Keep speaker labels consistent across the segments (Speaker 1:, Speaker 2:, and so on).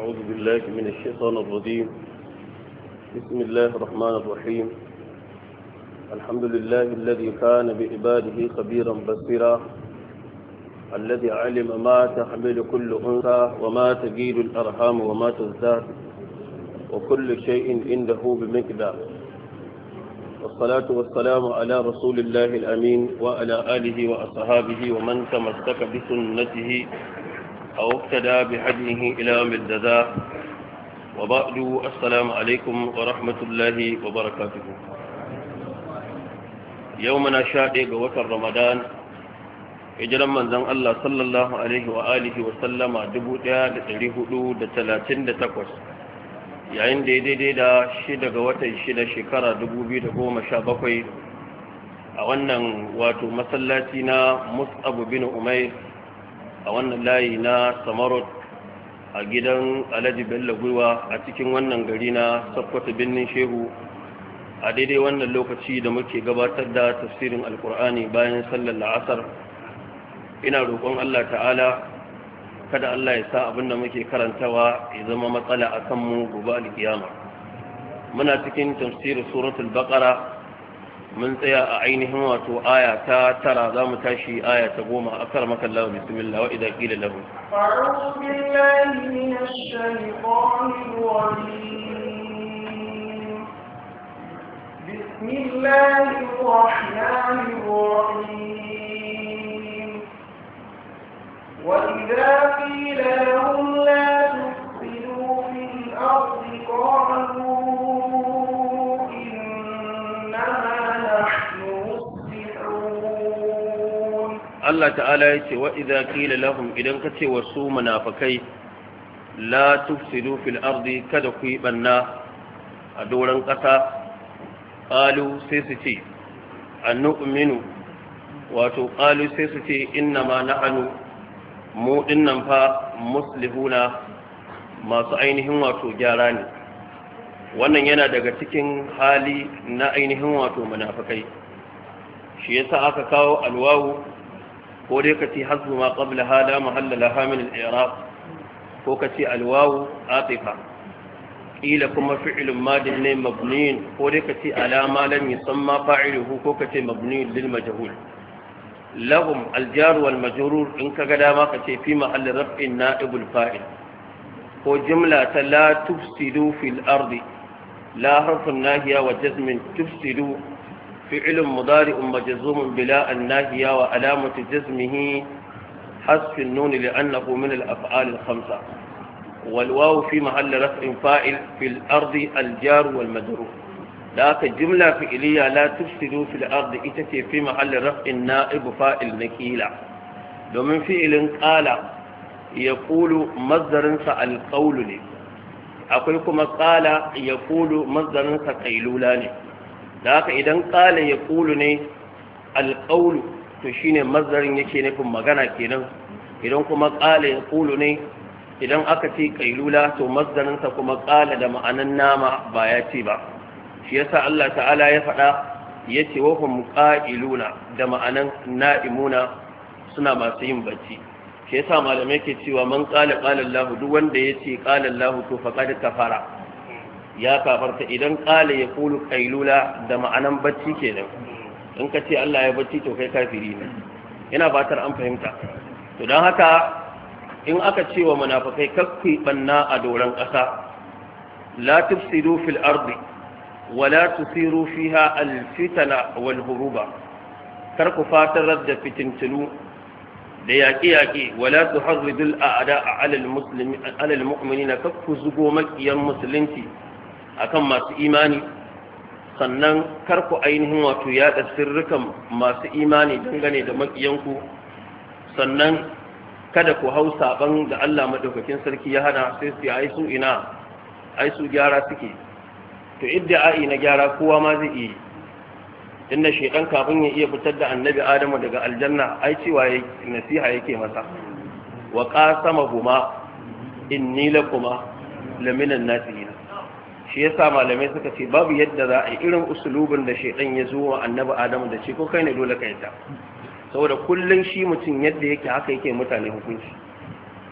Speaker 1: أعوذ بالله من الشيطان الرجيم بسم الله الرحمن الرحيم الحمد لله الذي كان بعباده خبيرا بصيرا الذي علم ما تحمل كل أنثى وما تجيل الأرحام وما تزداد وكل شيء عنده بمقدار والصلاة والسلام على رسول الله الأمين وعلى آله وأصحابه ومن تمسك بسنته أو اقتدى بحجمه إلى مددا وبعد السلام عليكم ورحمة الله وبركاته يومنا شادق وتر رمضان hijiran manzon Allah sallallahu alaihi wa wa sallama 1438 yayin da ya daidai da shi daga watan shida shekara 2017 a wannan wato masallaci na Mus'ab bin Umair a wannan layi na samarot a gidan alhaji bello gwiwa a cikin wannan gari na sakwata birnin shehu a daidai wannan lokaci da muke gabatar da tafsirin alkur'ani bayan sallar la'asar ina roƙon allah ta'ala kada allah ya sa abin da muke karantawa ya zama matsala a kanmu gobe alkiyama muna cikin tafsirin suratul baqara من تيا عينهم واتو آية تا ترى دام تاشي آية تقوم أكثر ما كان بسم الله وإذا قيل له
Speaker 2: أعوذ بالله من الشيطان الرجيم بسم الله الرحمن الرحيم وإذا قيل
Speaker 1: Allah ta'ala ya ce wa idza qila lahum idan ka kace wasu munafikai la tufsidu fil ardi kada ku yi banna a doron ƙasa qalu sai su ce annu'minu wato qalu sai su ce inna ma na'anu mu dinnan fa muslihuna masu ainihin wato gyara ne wannan yana daga cikin hali na ainihin wato munafakai. shi yasa aka kawo alwawu ko dai ka ce hazzu ma qabla hada mahalla laha al-i'rab ko ka ce al atifa kila kuma fi'lun madin ne mabniin ko dai ka ce alama lam yusamma fa'iluhu ko ka ce mabniin lil majhul lahum al-jar wal majrur in ka ga dama ka ce fi mahalli raf'in na'ibul fa'il ko jumla ta la tufsidu fil ardi la harfun nahiya wa jazmin tufsidu فعل مضارع مجزوم بلا الناهية وعلامة جزمه حذف النون لأنه من الأفعال الخمسة والواو في محل رفع فاعل في الأرض الجار والمجرور ذاك جملة فعلية لا تفسد في الأرض إتتي في محل رفع نائب فاعل نكيلة ومن فعل قال يقول مصدر القول لي ne akwai قال يقول ya kulu da haka idan ƙalin ya ƙulu ne alƙaulu to shi ne mazarin yake nufin magana kenan idan kuma ƙalin ya ƙulu ne idan aka ce ƙailula to mazarinsa kuma ƙala da ma'anan nama ba ya ce ba shi yasa Allah ta'ala ya faɗa ya ce wa hum ƙa'iluna da ma'anan na'imuna suna masu yin bacci shi yasa malamai ke cewa man ƙala ƙala Allah duk wanda ya ce ƙala Allah to faqad kafara ya kafarta idan ƙala ya kulu kailula da ma'anan bacci kenan in ka ce Allah ya bacci to kai kafiri ne yana fatar an fahimta to don haka in aka ce wa munafikai kakkuyi banna a doron ƙasa la tufsidu fil ardi wa la tusiru fiha al fitana wal huruba kar ku fatar da fitintulu da yaƙe-yaƙe wala tu harridul a'ada a alal mu'minina kakku zugo makiyan musulunci akan masu imani sannan kar ku ainihin wato yaɗa sirrukan masu imani dangane da makiyanku sannan kada ku hau saban da Allah madaukakin sarki ya hana sai su ai su ina ai su gyara suke to idda'i na gyara kowa ma zai iya inda shekan kafin ya iya fitar da annabi adamu daga aljanna ai cewa nasiha yake masa wa qasama huma inni lakuma laminan nasihin shi yasa malamai suka ce babu yadda za a irin usulubin da shaidan ya zo wa annabi adamu da ce ko kai ne dole ka yadda saboda kullum shi mutum yadda yake haka yake mutane hukunci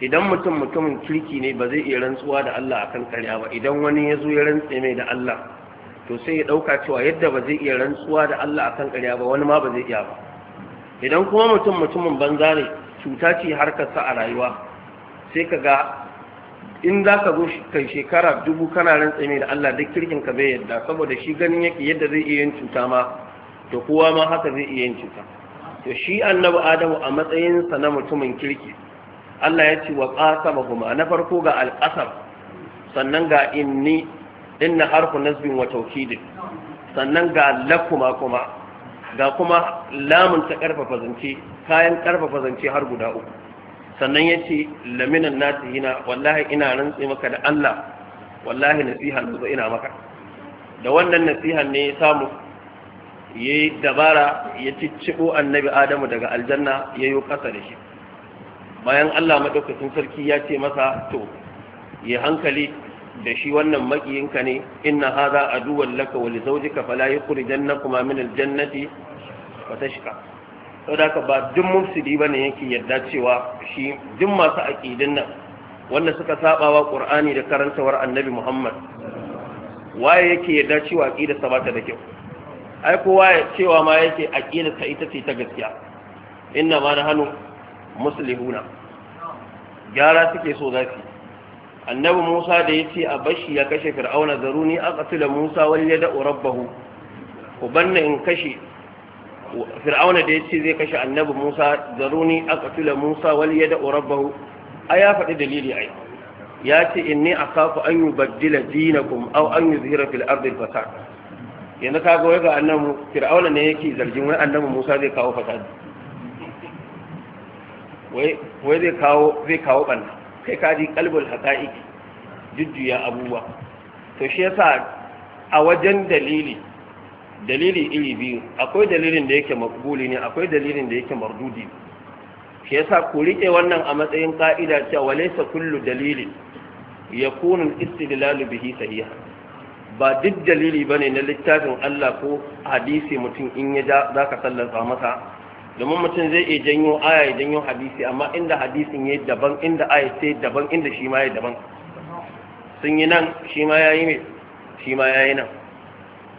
Speaker 1: idan mutum mutumin kirki ne ba zai iya rantsuwa da Allah akan karya ba idan wani ya zo ya rantse mai da Allah to sai ya dauka cewa yadda ba zai iya rantsuwa da Allah akan karya ba wani ma ba zai iya ba idan kuma mutum mutumin banza ne cuta ce harkar sa a rayuwa sai ka ga in za ka zo kai shekara dubu kana rantsa mai da Allah duk kirkin ka bai yadda saboda shi ganin yake yadda zai iya yin cuta ma to kowa ma haka zai iya yin cuta to shi annabi adamu a matsayin sa na mutumin kirki Allah ya ce wa qasama huma na farko ga al-qasam sannan ga inni inna harfu nasbin wa tawkid sannan ga lakuma kuma ga kuma lamun ta karfafa zance kayan karfafa zance har guda uku sannan ya ce laminan nasi hina wallahi ina rantse maka da Allah wallahi nasiha na ina maka da wannan nasihan ne ya samu ya yi dabara ya cicciɓo annabi adamu daga aljanna ya yi ƙasa da shi bayan Allah maɗaukacin sarki ya ce masa to ya hankali da shi wannan makiyinka ne inna hadha aduwwan laka wa li zawjika fala yukhrijannakum min al-jannati wa saboda ka ba duk mufsidi bane yake yadda cewa shi duk masu aqidin nan wanda suka sabawa qur'ani da karantawar annabi muhammad waye yake yadda cewa aqida sa bata da kyau ai kowa ya cewa ma yake aqida ta ita ce ta gaskiya inna ma nahnu muslihuna gyara suke so zafi annabi Musa da ya ce a bashi ya kashe fir'auna zaruni da Musa ya yad'u rabbahu ku banna in kashe fir'auna da ya ce zai kashe annabi musa zaruni aqtula musa wal yad'u rabbahu A ya faɗi dalili ai ya ce in a akafu an yi yubaddila dinakum aw an yi yuzhira fil ardi fasad yanzu kaga wai ga annabi fir'auna ne yake zargin wani annabi musa zai kawo fasad wai wai zai kawo zai kawo banna kai ka ji kalbul haqa'iq jujjuya abubuwa to shi yasa a wajen dalili dalili iri biyu akwai dalilin da yake makbuli ne akwai dalilin da yake mardudi shi yasa ku rike wannan a matsayin ka'ida cewa walaysa kullu dalili yakunu al-istidlalu bihi sahiha ba duk dalili bane na littafin Allah ko hadisi mutum in ya zaka sallasa masa domin mutum zai iya janyo aya ya janyo hadisi amma inda hadisin yayi daban inda aya sai daban inda shi ma yayi daban sun yi nan shi ma yayi shi ma yayi nan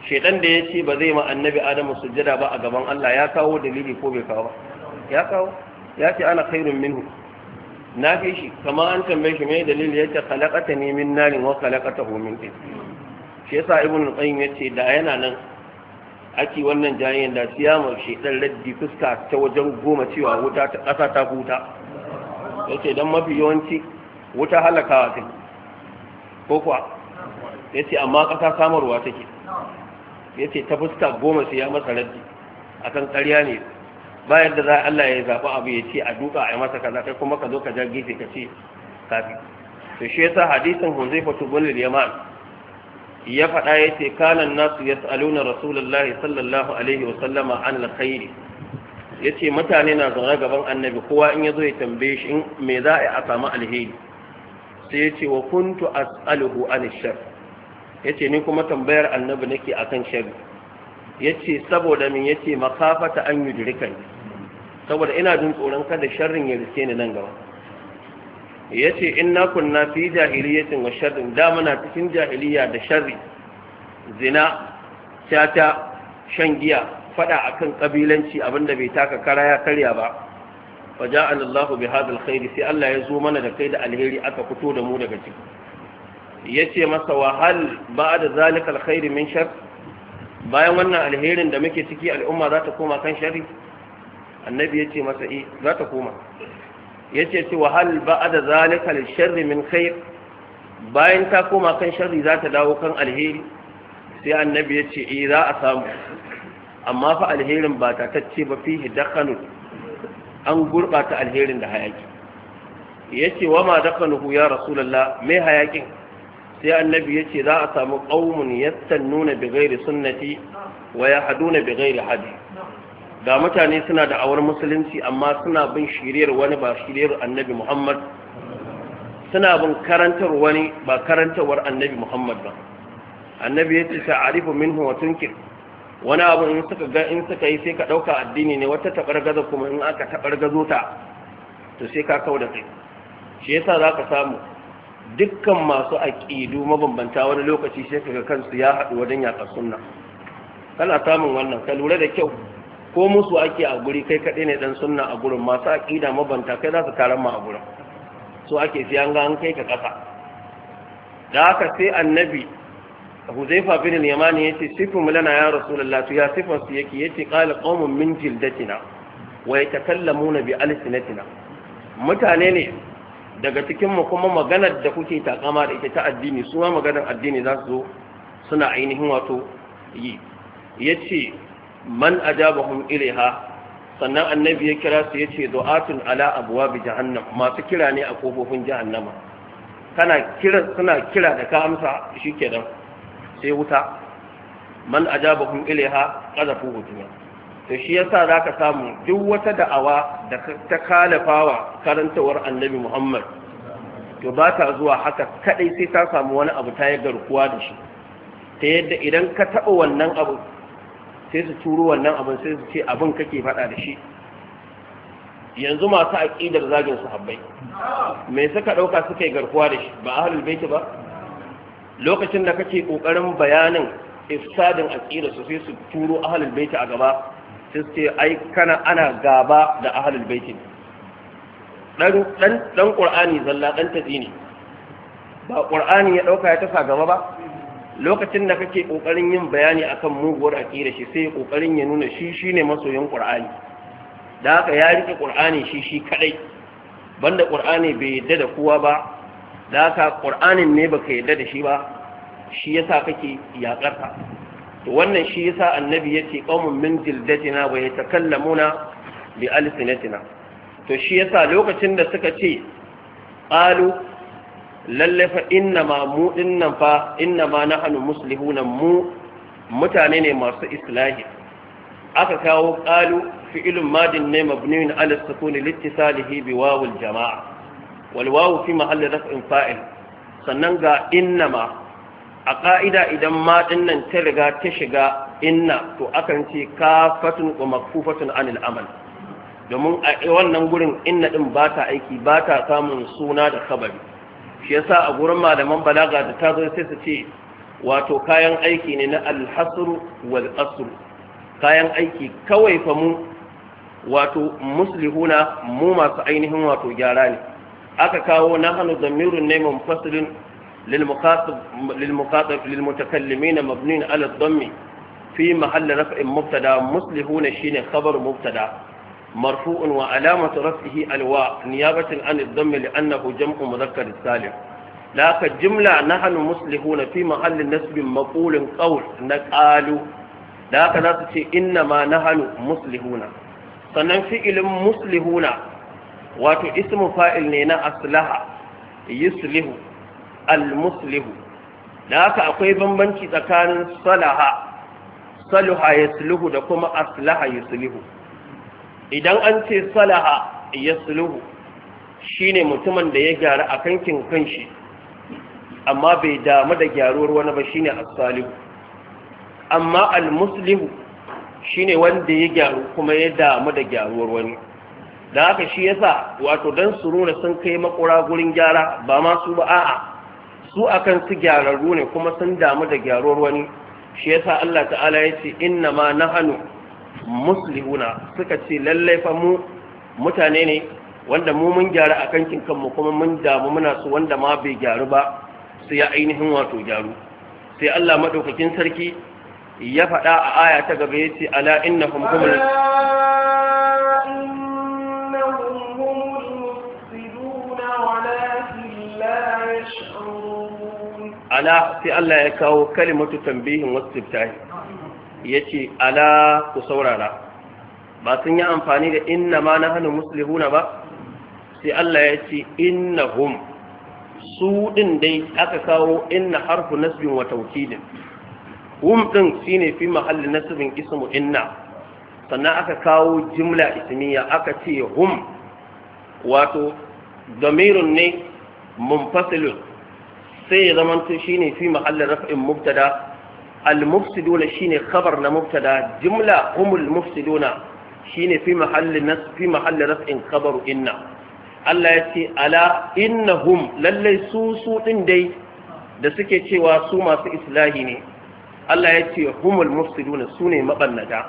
Speaker 1: shedan da ya ce ba zai ma annabi adamu sujjada ba a gaban Allah ya kawo dalili ko bai kawo ba ya kawo ya ce ana khairun minhu na fi shi kama an tambaye shi mai dalili ya ce khalaqata ni min narin wa hu min tin shi yasa ibnu qayyim ya ce da yana nan ake wannan jayen da siyamar shedan laddi fuska ta wajen goma cewa wuta ta ƙasa ta huta yace dan mafi yawanci wuta halakawa take ko kuwa yace amma kasa samarwa take ya ce ta fuska goma sai ya masa raddi akan ƙarya ne bayan da za Allah ya zaɓi abu ya ce a duka a yi masa kaza kai kuma ka zo ka ja gefe ka ce kafi to shi yasa hadisin Hunzaifa ibn al-Yaman ya faɗa ya ce kanan nasu yas'aluna rasulullahi sallallahu alaihi wa sallama an al Ya yace mutane na zaune gaban annabi kowa in ya zo ya tambaye shi me za a samu alheri sai yace wa kuntu as'aluhu an shar Ya ce ni kuma tambayar annabi nake akan Ya ce saboda min ya ce makafata an yi yudrikani saboda ina jin tsoron kada sharrin ya riske ni nan gaba Ya ce in na kunna fi jahiliyatin wa sharrin da muna cikin jahiliya da sharri zina tata shan giya fada akan kabilanci abinda bai taka kara ya karya ba fa ja'alallahu bi hadha sai Allah ya zo mana da kai da alheri aka fito da mu daga ciki Ya ce masa wahal hal da zalika alkhair min shar bayan wannan alherin da muke ciki al'umma za ta koma kan shari annabi ya ce masa eh za ta koma Ya ce wahal hal da zalika alshar min khair bayan ta koma kan shari za ta dawo kan alheri sai annabi ya ce eh za a samu amma fa alherin ba ta tacce ba fihi dakhanu an gurbata alherin da hayaki yace wa ma dakhanuhu ya rasulullah me hayakin sai annabi ya ce za a samu ƙaumun yassan nuna bigairi sunnati wa ya haduna bigairi hadi ga mutane suna da awar musulunci amma suna bin shiriyar wani ba shiriyar annabi muhammad suna bin karantar wani ba karantarwar annabi muhammad ba annabi ya ce ta'arifu min wa tunkir wani abu in suka ga in suka yi sai ka ɗauka addini ne wata taɓargaza kuma in aka taɓargazo ta to sai ka kau da kai shi yasa za ka samu dukkan masu aƙidu mabambanta wani lokaci sai kaga kansu ya haɗu wajen yaƙa sunna kana samun wannan ka lura da kyau ko musu ake a guri kai kaɗai ne ɗan sunna a gurin masu aƙida mabanta kai za su taron ma a gurin so ake fi an ga kai ka ƙasa da haka sai annabi huzaifa bin yamani ya ce, sifin lana ya rasu, lallatu ya sifan su yake yace qala qaumun min jildatina wa na bi alisinatina mutane ne daga cikin mu kuma maganar da kuke takama da ita ta addini su ma maganar addini za su zo suna ainihin wato yi yace man ajabahum ilaiha sannan annabi ya kira su yace du'atun ala abwabi jahannam masu kira ne a kofofin jahannama kana kira suna kira da ka amsa shikenan sai wuta man ajabahum ilaiha qadafu hujjan to shi yasa zaka samu duk wata da'awa da ta kalafawa karantawar annabi Muhammad to ba ta zuwa haka kadai sai ta samu wani abu ta yi garkuwa da shi ta yadda idan ka taɓa wannan abu sai su turo wannan abin sai su ce abin kake faɗa da shi yanzu masu aƙidar zagin sahabbai me suka ɗauka suka yi garkuwa da shi ba ahlul baiti ba lokacin da kake ƙoƙarin bayanin ifsadin aƙidar su sai su turo ahlul baiti a gaba sai ce ai kana ana gaba da ahlul baitin dan dan dan qur'ani zalla dan tadini ba qur'ani ya dauka ya tafa gaba ba lokacin da kake kokarin yin bayani akan muguwar aqida shi sai kokarin ya nuna shi shine masoyin qur'ani da haka ya rike qur'ani shi shi kadai banda qur'ani bai yadda da kowa ba da haka qur'anin ne baka yadda da shi ba shi yasa kake yakarta to wannan shi yasa annabi yace qaumun min jildatina wa yatakallamuna bi alsinatina to shi yasa lokacin da suka ce qalu lalle fa inna ma mu dinnan fa inna ma nahnu muslihuna mu mutane ne masu islahi aka kawo qalu fi'ilun madin ne mabniun ala sukun littisalihi bi wawul jama'a wal wawu fi mahalli raf'in fa'il sannan ga inna ma a ƙa'ida idan ma nan ta riga ta shiga inna to akan ce ka kafatun wa makufatun anil amal domin a wannan gurin inna din ba ta aiki ba ta samun suna da kabari shi yasa a gurin malaman balaga da ta zo sai su ce wato kayan aiki ne na alhasru wal asru kayan aiki kawai fa mu wato muslihuna mu masu ainihin wato gyara ne aka kawo na hana damirun neman fasirin. للمخاطب للمخاطب للمتكلمين مبني على الضم في محل رفع مبتدا مصلحون شين خبر مبتدا مرفوع وعلامة رفعه الواء نيابة عن الضم لأنه جمع مذكر السالم لا كجملة نحن مصلحون في محل نسب مقول قول نقال لا كذلك إنما نحن مصلحون sannan fi'ilin muslihuna wato ismu fa'il ne na aslaha yuslihu al da haka akwai bambanci tsakanin salaha saluha yasluhu da kuma aslaha yasluhu idan an ce salaha yasluhu shine mutumin da ya gyara a kankin kanshi amma bai damu da gyaruwar wani ba shine as amma al-muslihu shine wanda ya gyaru kuma ya damu da gyaruwar wani da haka shi yasa wato dan surura sun kai makura gurin gyara ba ma su ba a'a su akan su gyararru ne kuma sun damu da gyaruwar wani shi yasa Allah ta'ala ya ce inna ma nahanu muslihuna suka ce lallai fa mu mutane ne wanda mu mun gyara a kankin kanmu kuma mun damu muna su wanda ma bai gyaru ba su ya ainihin wato gyaru sai Allah madaukakin sarki ya faɗa a aya ta gaba yace ala innahum kumul ala sai Allah ya kawo kalimatu tambihin wasu tiftahi ya ce ala ku saurara ba sun yi amfani da inna ma na hannun musulhuna ba sai Allah ya ce inna hum su ɗin dai aka kawo inna harfu nasibin wa taukidin hum ɗin shi ne fi mahalli nasbin ismu inna sannan aka kawo jimla ismiya aka ce hum wato damirun ne munfasilun sai ya zamanto shine fi mahallin raf'in mubtada al-mufsiduna shine khabar na mubtada jumla humul mufsiduna shine fi mahallin nas fi mahallin raf'in khabar inna Allah ya ce ala innahum lallai su su din dai da suke cewa su masu islahi ne Allah ya ce humul mufsiduna su ne mabannata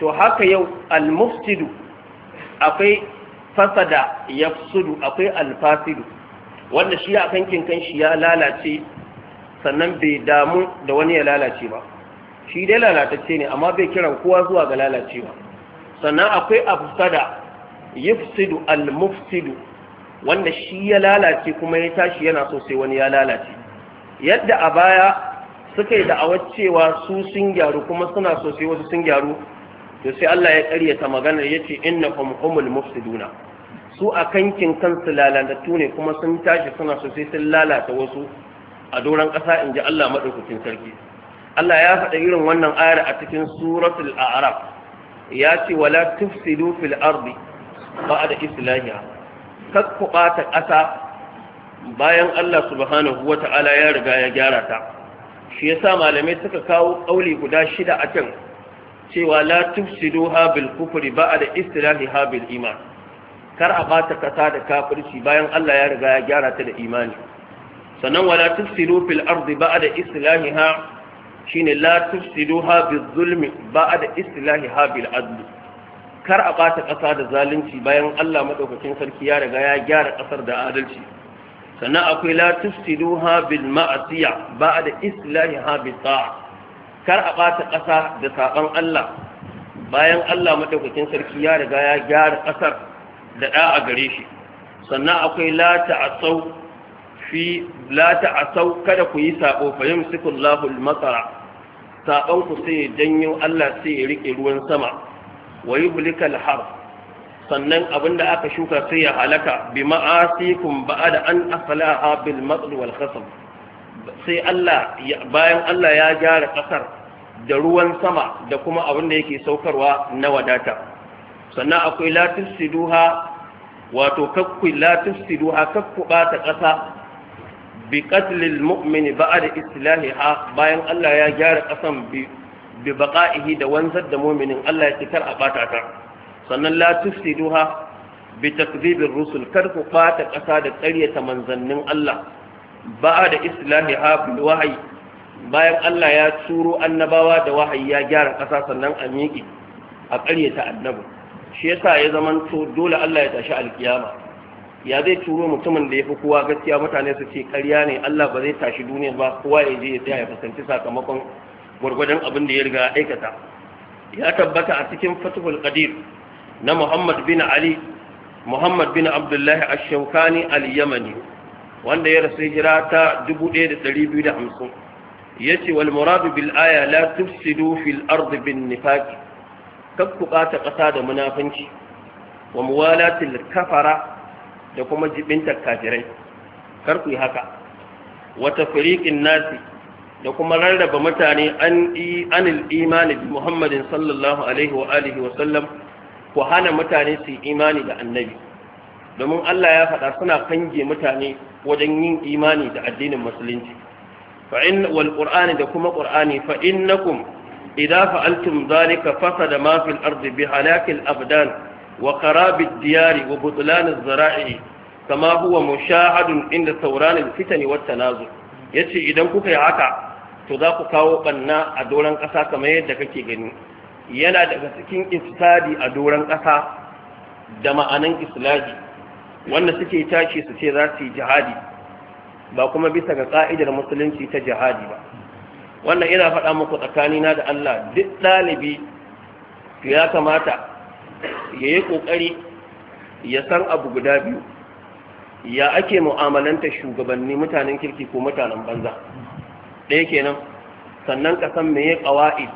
Speaker 1: to haka yau al-mufsidu akwai fasada yafsudu akwai al-fasidu wanda shi a kankin kan shi ya lalace sannan bai damu da wani ya lalace ba shi dai lalatacce ne amma bai kiran kowa zuwa ga lalacewa sannan akwai afsada yufsidu almufsidu, wanda shi ya lalace kuma ya tashi yana so sai wani ya lalace yadda a baya suka yi da'awar cewa su sun gyaru kuma suna so sai wasu sun gyaru to sai Allah ya karyata maganar yace innakum humul mufsiduna su a kankin kansu lalatattu ne kuma sun tashi suna su sai sun lalata wasu a doron ƙasa in ji Allah maɗaukakin sarki Allah ya faɗa irin wannan ayar a cikin suratul Arab. ya ce wala tufsidu fil ardi ba'da islahiha kak ku ɓata ƙasa bayan Allah subhanahu wata'ala ya riga ya gyara ta shi yasa malamai suka kawo ƙauli guda shida a can cewa la tufsiduha bil kufri ba'da islahiha bil iman kar a bata kasa da kafirci bayan Allah ya riga ya gyara ta da imani sannan wala tufsidu fil ardi ba'da islahiha shine la tufsiduha bi zulmi ba'da islahiha bil adl kar a bata kasa da zalunci bayan Allah madaukakin sarki ya riga ya gyara kasar da adalci sannan akwai la tufsiduha bil ma'asiya ba'da islahiha bi ta'a kar a ɓata ƙasa da saɓon Allah bayan Allah maɗaukakin sarki ya riga ya gyara ƙasar da ɗa a gare shi sannan akwai la ta'asau fi kada ku yi sabo fahim yumsiku Allahu al-matara sabon sai janyo Allah sai ya ruwan sama wa yuhlikal har sannan abinda aka shuka sai ya halaka bi ba'a, da an aslaha bil matr wal khasab sai Allah bayan Allah ya gyara ƙasar da ruwan sama da kuma abinda yake saukarwa na wadata sannan akwai latin siduha wato kakku la tufsiduha kakku ta ƙasa bi qatlil mu'mini ba'da islahiha bayan Allah ya gyara ƙasan bi bi baqa'ihi da wanzar da mu'minin Allah ya kar a ɓata ta sannan latin siduha bi takdhibir rusul ku ɓata ƙasa da ƙaryata manzannin Allah ba'da islahiha bil wahayi, bayan Allah ya turo annabawa da wahayi ya gyara ƙasa sannan a miƙe a ƙaryata annabi shi yasa ya zaman dole Allah ya tashi alkiyama ya zai turo mutumin da ya fi kowa gaskiya mutane su ce ƙarya ne Allah ba zai tashi duniya ba kowa ya je ya tsaya ya fuskanci sakamakon gwargwadon abin da ya riga aikata ya tabbata a cikin fatihul qadir na Muhammad bin Ali Muhammad bin Abdullahi Ash-Shawkani al-Yamani wanda ya rasu hijira ta 1250 yace wal muradu bil aya la tufsidu fil ardi bin nifaq kakku ɓata ƙasa da munafunci wa muwalatil kafara da kuma jibintar kafirai kar ku yi haka wata firiƙin nasi da kuma rarraba mutane an anil imani bi muhammadin sallallahu alaihi wa alihi wa sallam ku hana mutane su yi imani da annabi domin Allah ya faɗa suna kange mutane wajen yin imani da addinin musulunci fa in wal qur'ani da kuma qur'ani fa innakum إذا فعلتم ذلك فسد ما في الأرض بهلاك الأبدان وخراب الديار وبطلان الزراعي كما هو مشاهد عند ثوران nazo. والتنازع yace idan kuka yi haka to za ku kawo banna a doron ƙasa kamar yadda kake gani yana daga cikin istadi a doron ƙasa da ma'anan islaji wanda suke tashi su ce za su yi jihadi ba kuma bisa ga ƙa'idar musulunci ta jihadi ba wannan ina faɗa muku tsakani na da Allah duk ɗalibi ya kamata ya yi ƙoƙari ya san abu guda biyu ya ake mu'amalanta shugabanni mutanen kirki ko mutanen banza ɗaya kenan sannan ka san me ya ƙawa'i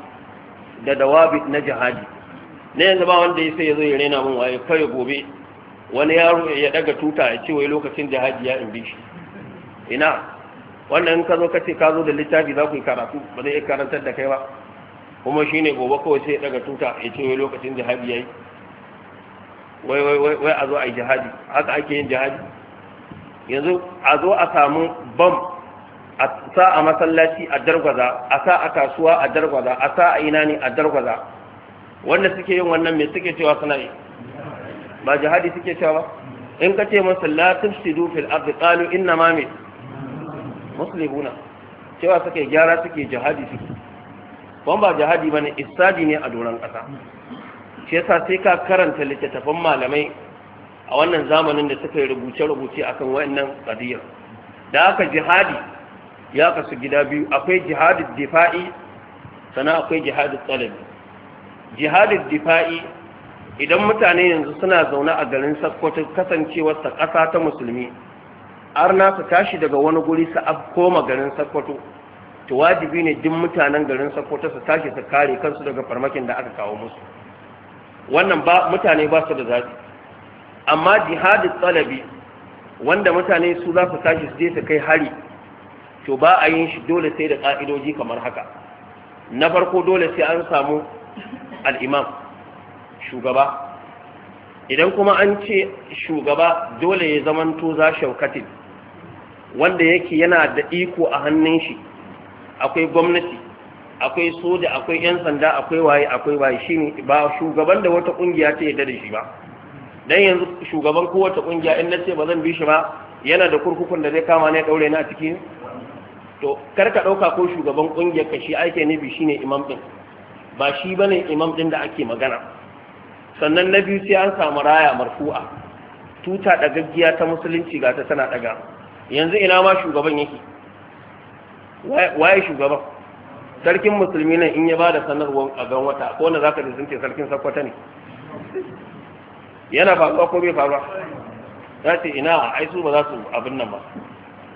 Speaker 1: da dawabi na jihadi na yanzu ba wanda ya sai ya zo ya rena min waye kawai gobe wani yaro ya daga tuta ya ce wai lokacin jihadi ya in bi shi ina wannan in ka zo ka ce ka zo da littafi za ku yi karatu ba zai iya karantar da kai ba kuma shi ne gobe kawai sai daga tuta ya ce wai lokacin jihadi ya yi wai wai wai a zo a yi jihadi haka ake yin jihadi yanzu a zo a samu bam a sa a masallaci a dargwaza a sa a kasuwa a dargwaza a sa a ina ne a dargwaza wanda suke yin wannan mai suke cewa suna yi ba jihadi suke cewa ba in ka ce masu la tufsidu fil ardi qalu inna ma min Musulmuna cewa suke gyara suke jihadi suke ban ba jihadi ne isadi ne a doron ƙasa shi yasa sai ka karanta littattafan malamai a wannan zamanin da suka yi rubuce-rubuce akan wannan qadiyar da aka jihadi ya kasu gida biyu akwai jihadi difa'i sannan akwai jihadi talabi Jihadi difa'i idan mutane yanzu suna zaune a garin sakkwato kasancewarsa ƙasa ta musulmi arna su tashi daga wani guri su koma garin sakkwato to wajibi ne duk mutanen garin sakkwato su tashi su kare kansu daga farmakin da aka kawo musu wannan ba mutane ba su da zaɓi amma jihadin tsalabi wanda mutane su za su tashi su je su kai hari to ba a yin shi dole sai da ƙa'idoji kamar haka na farko dole sai an samu al'imam shugaba idan kuma an ce shugaba dole ya zamanto za shaukatin wanda yake yana da iko a hannun shi akwai gwamnati akwai soja akwai 'yan sanda akwai waye akwai waye shi ne ba shugaban da wata kungiya ta yadda da shi ba dan yanzu shugaban kowace kungiya in na ce ba zan bi shi ba yana da kurkukun da zai kama ne daure a ciki to kar ka dauka ko shugaban kungiyar ka shi ake shi shine imam din ba shi bane imam din da ake magana sannan na biyu sai an samu raya marfu'a tuta dagaggiya ta musulunci ga ta tana ɗaga. yanzu ina ma shugaban yake waye shugaban sarkin musulmi nan in ya ba da sanarwar a gan wata ko wanda zaka ji sun ce sarkin sakwata ne yana faruwa ko bai faruwa za ce ina a aisu ba za su abin nan ba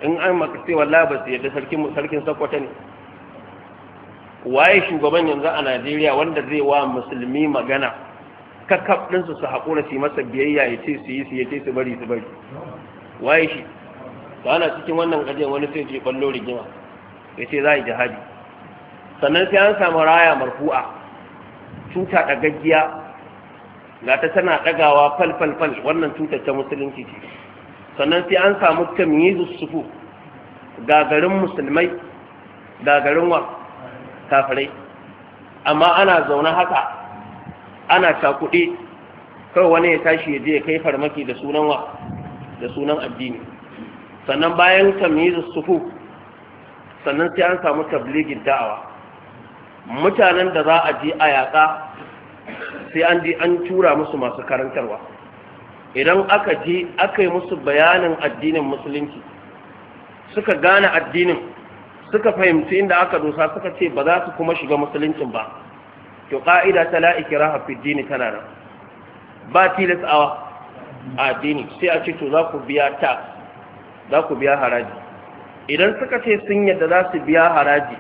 Speaker 1: in an maka ce wallahi ba su yadda sarkin sarkin sakwata ne waye shugaban yanzu a Najeriya wanda zai wa musulmi magana kakab ɗinsu su haƙura su masa biyayya ya ce su yi su ya ce su bari su bari waye shi to ana cikin wannan ajiyar wani sai ce ballo rigima ya ce za a yi jihadi sannan sai an samu raya marfu'a tuta ɗagaggiya ga ta tana ɗagawa fal fal fal wannan tutar ta musulunci ce sannan sai an samu tamyizu sufu gagarin musulmai gagarin wa kafirai amma ana zaune haka ana cakuɗe kawai wani ya tashi ya je ya kai farmaki da sunan wa da sunan addini sannan bayan tamyizu suhu sannan sai an samu tabligin da'awa mutanen da za a ji a yaƙa sai an ji an tura musu masu karantarwa idan aka ji aka yi musu bayanin addinin musulunci suka gane addinin suka fahimci inda aka dosa suka ce ba za su kuma shiga musuluncin ba to ƙa'ida ta laiki hafi dini tana nan ba tilas awa a addini sai a ce to za ku biya ta za ku biya haraji idan suka ce sun yadda za su biya haraji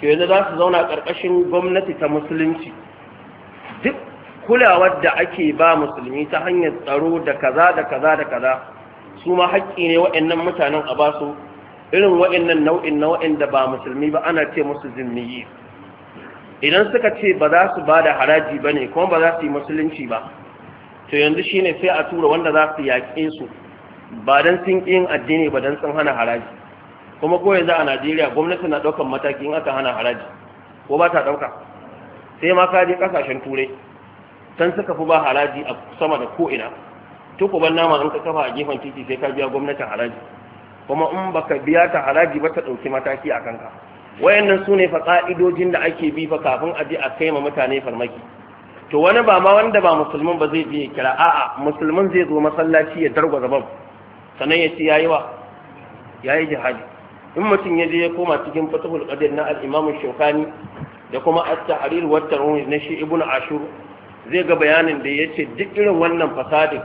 Speaker 1: to yanzu za su zauna ƙarƙashin gwamnati ta musulunci duk kulawar da ake ba musulmi ta hanyar tsaro da kaza da kaza da kaza su ma haƙƙi ne wa'annan mutanen a basu irin wa'annan nau'in na wa'anda ba musulmi ba ana ce musu zimmiyi idan suka ce ba za su ba da haraji ba ne kuma ba za su yi musulunci ba to yanzu shine sai a tura wanda za su yaƙe su ba don sun yin addini ba don sun hana haraji kuma ko yanzu a Najeriya gwamnati na ɗaukar mataki aka hana haraji ko ba ta ɗauka sai ma ka je ƙasashen turai can suka fi ba haraji a sama da ko ina ban nama in ka kafa a gefen titi sai ka biya gwamnatin haraji kuma in baka biya ta haraji ba ta ɗauki mataki a kanka wayannan su ne fa da ake bi fa kafin a je a kai ma mutane farmaki to wani ba ma wanda ba musulmin ba zai je kira a'a musulmin zai zo masallaci ya dargwaza babu sannan ya ce yayi wa yayi jihadi in mutum ya je ya koma cikin fatahul qadir na al-imam shaukani da kuma at-tahrir wa tarwih na shi ibnu ashur zai ga bayanin da ya ce duk irin wannan fasadi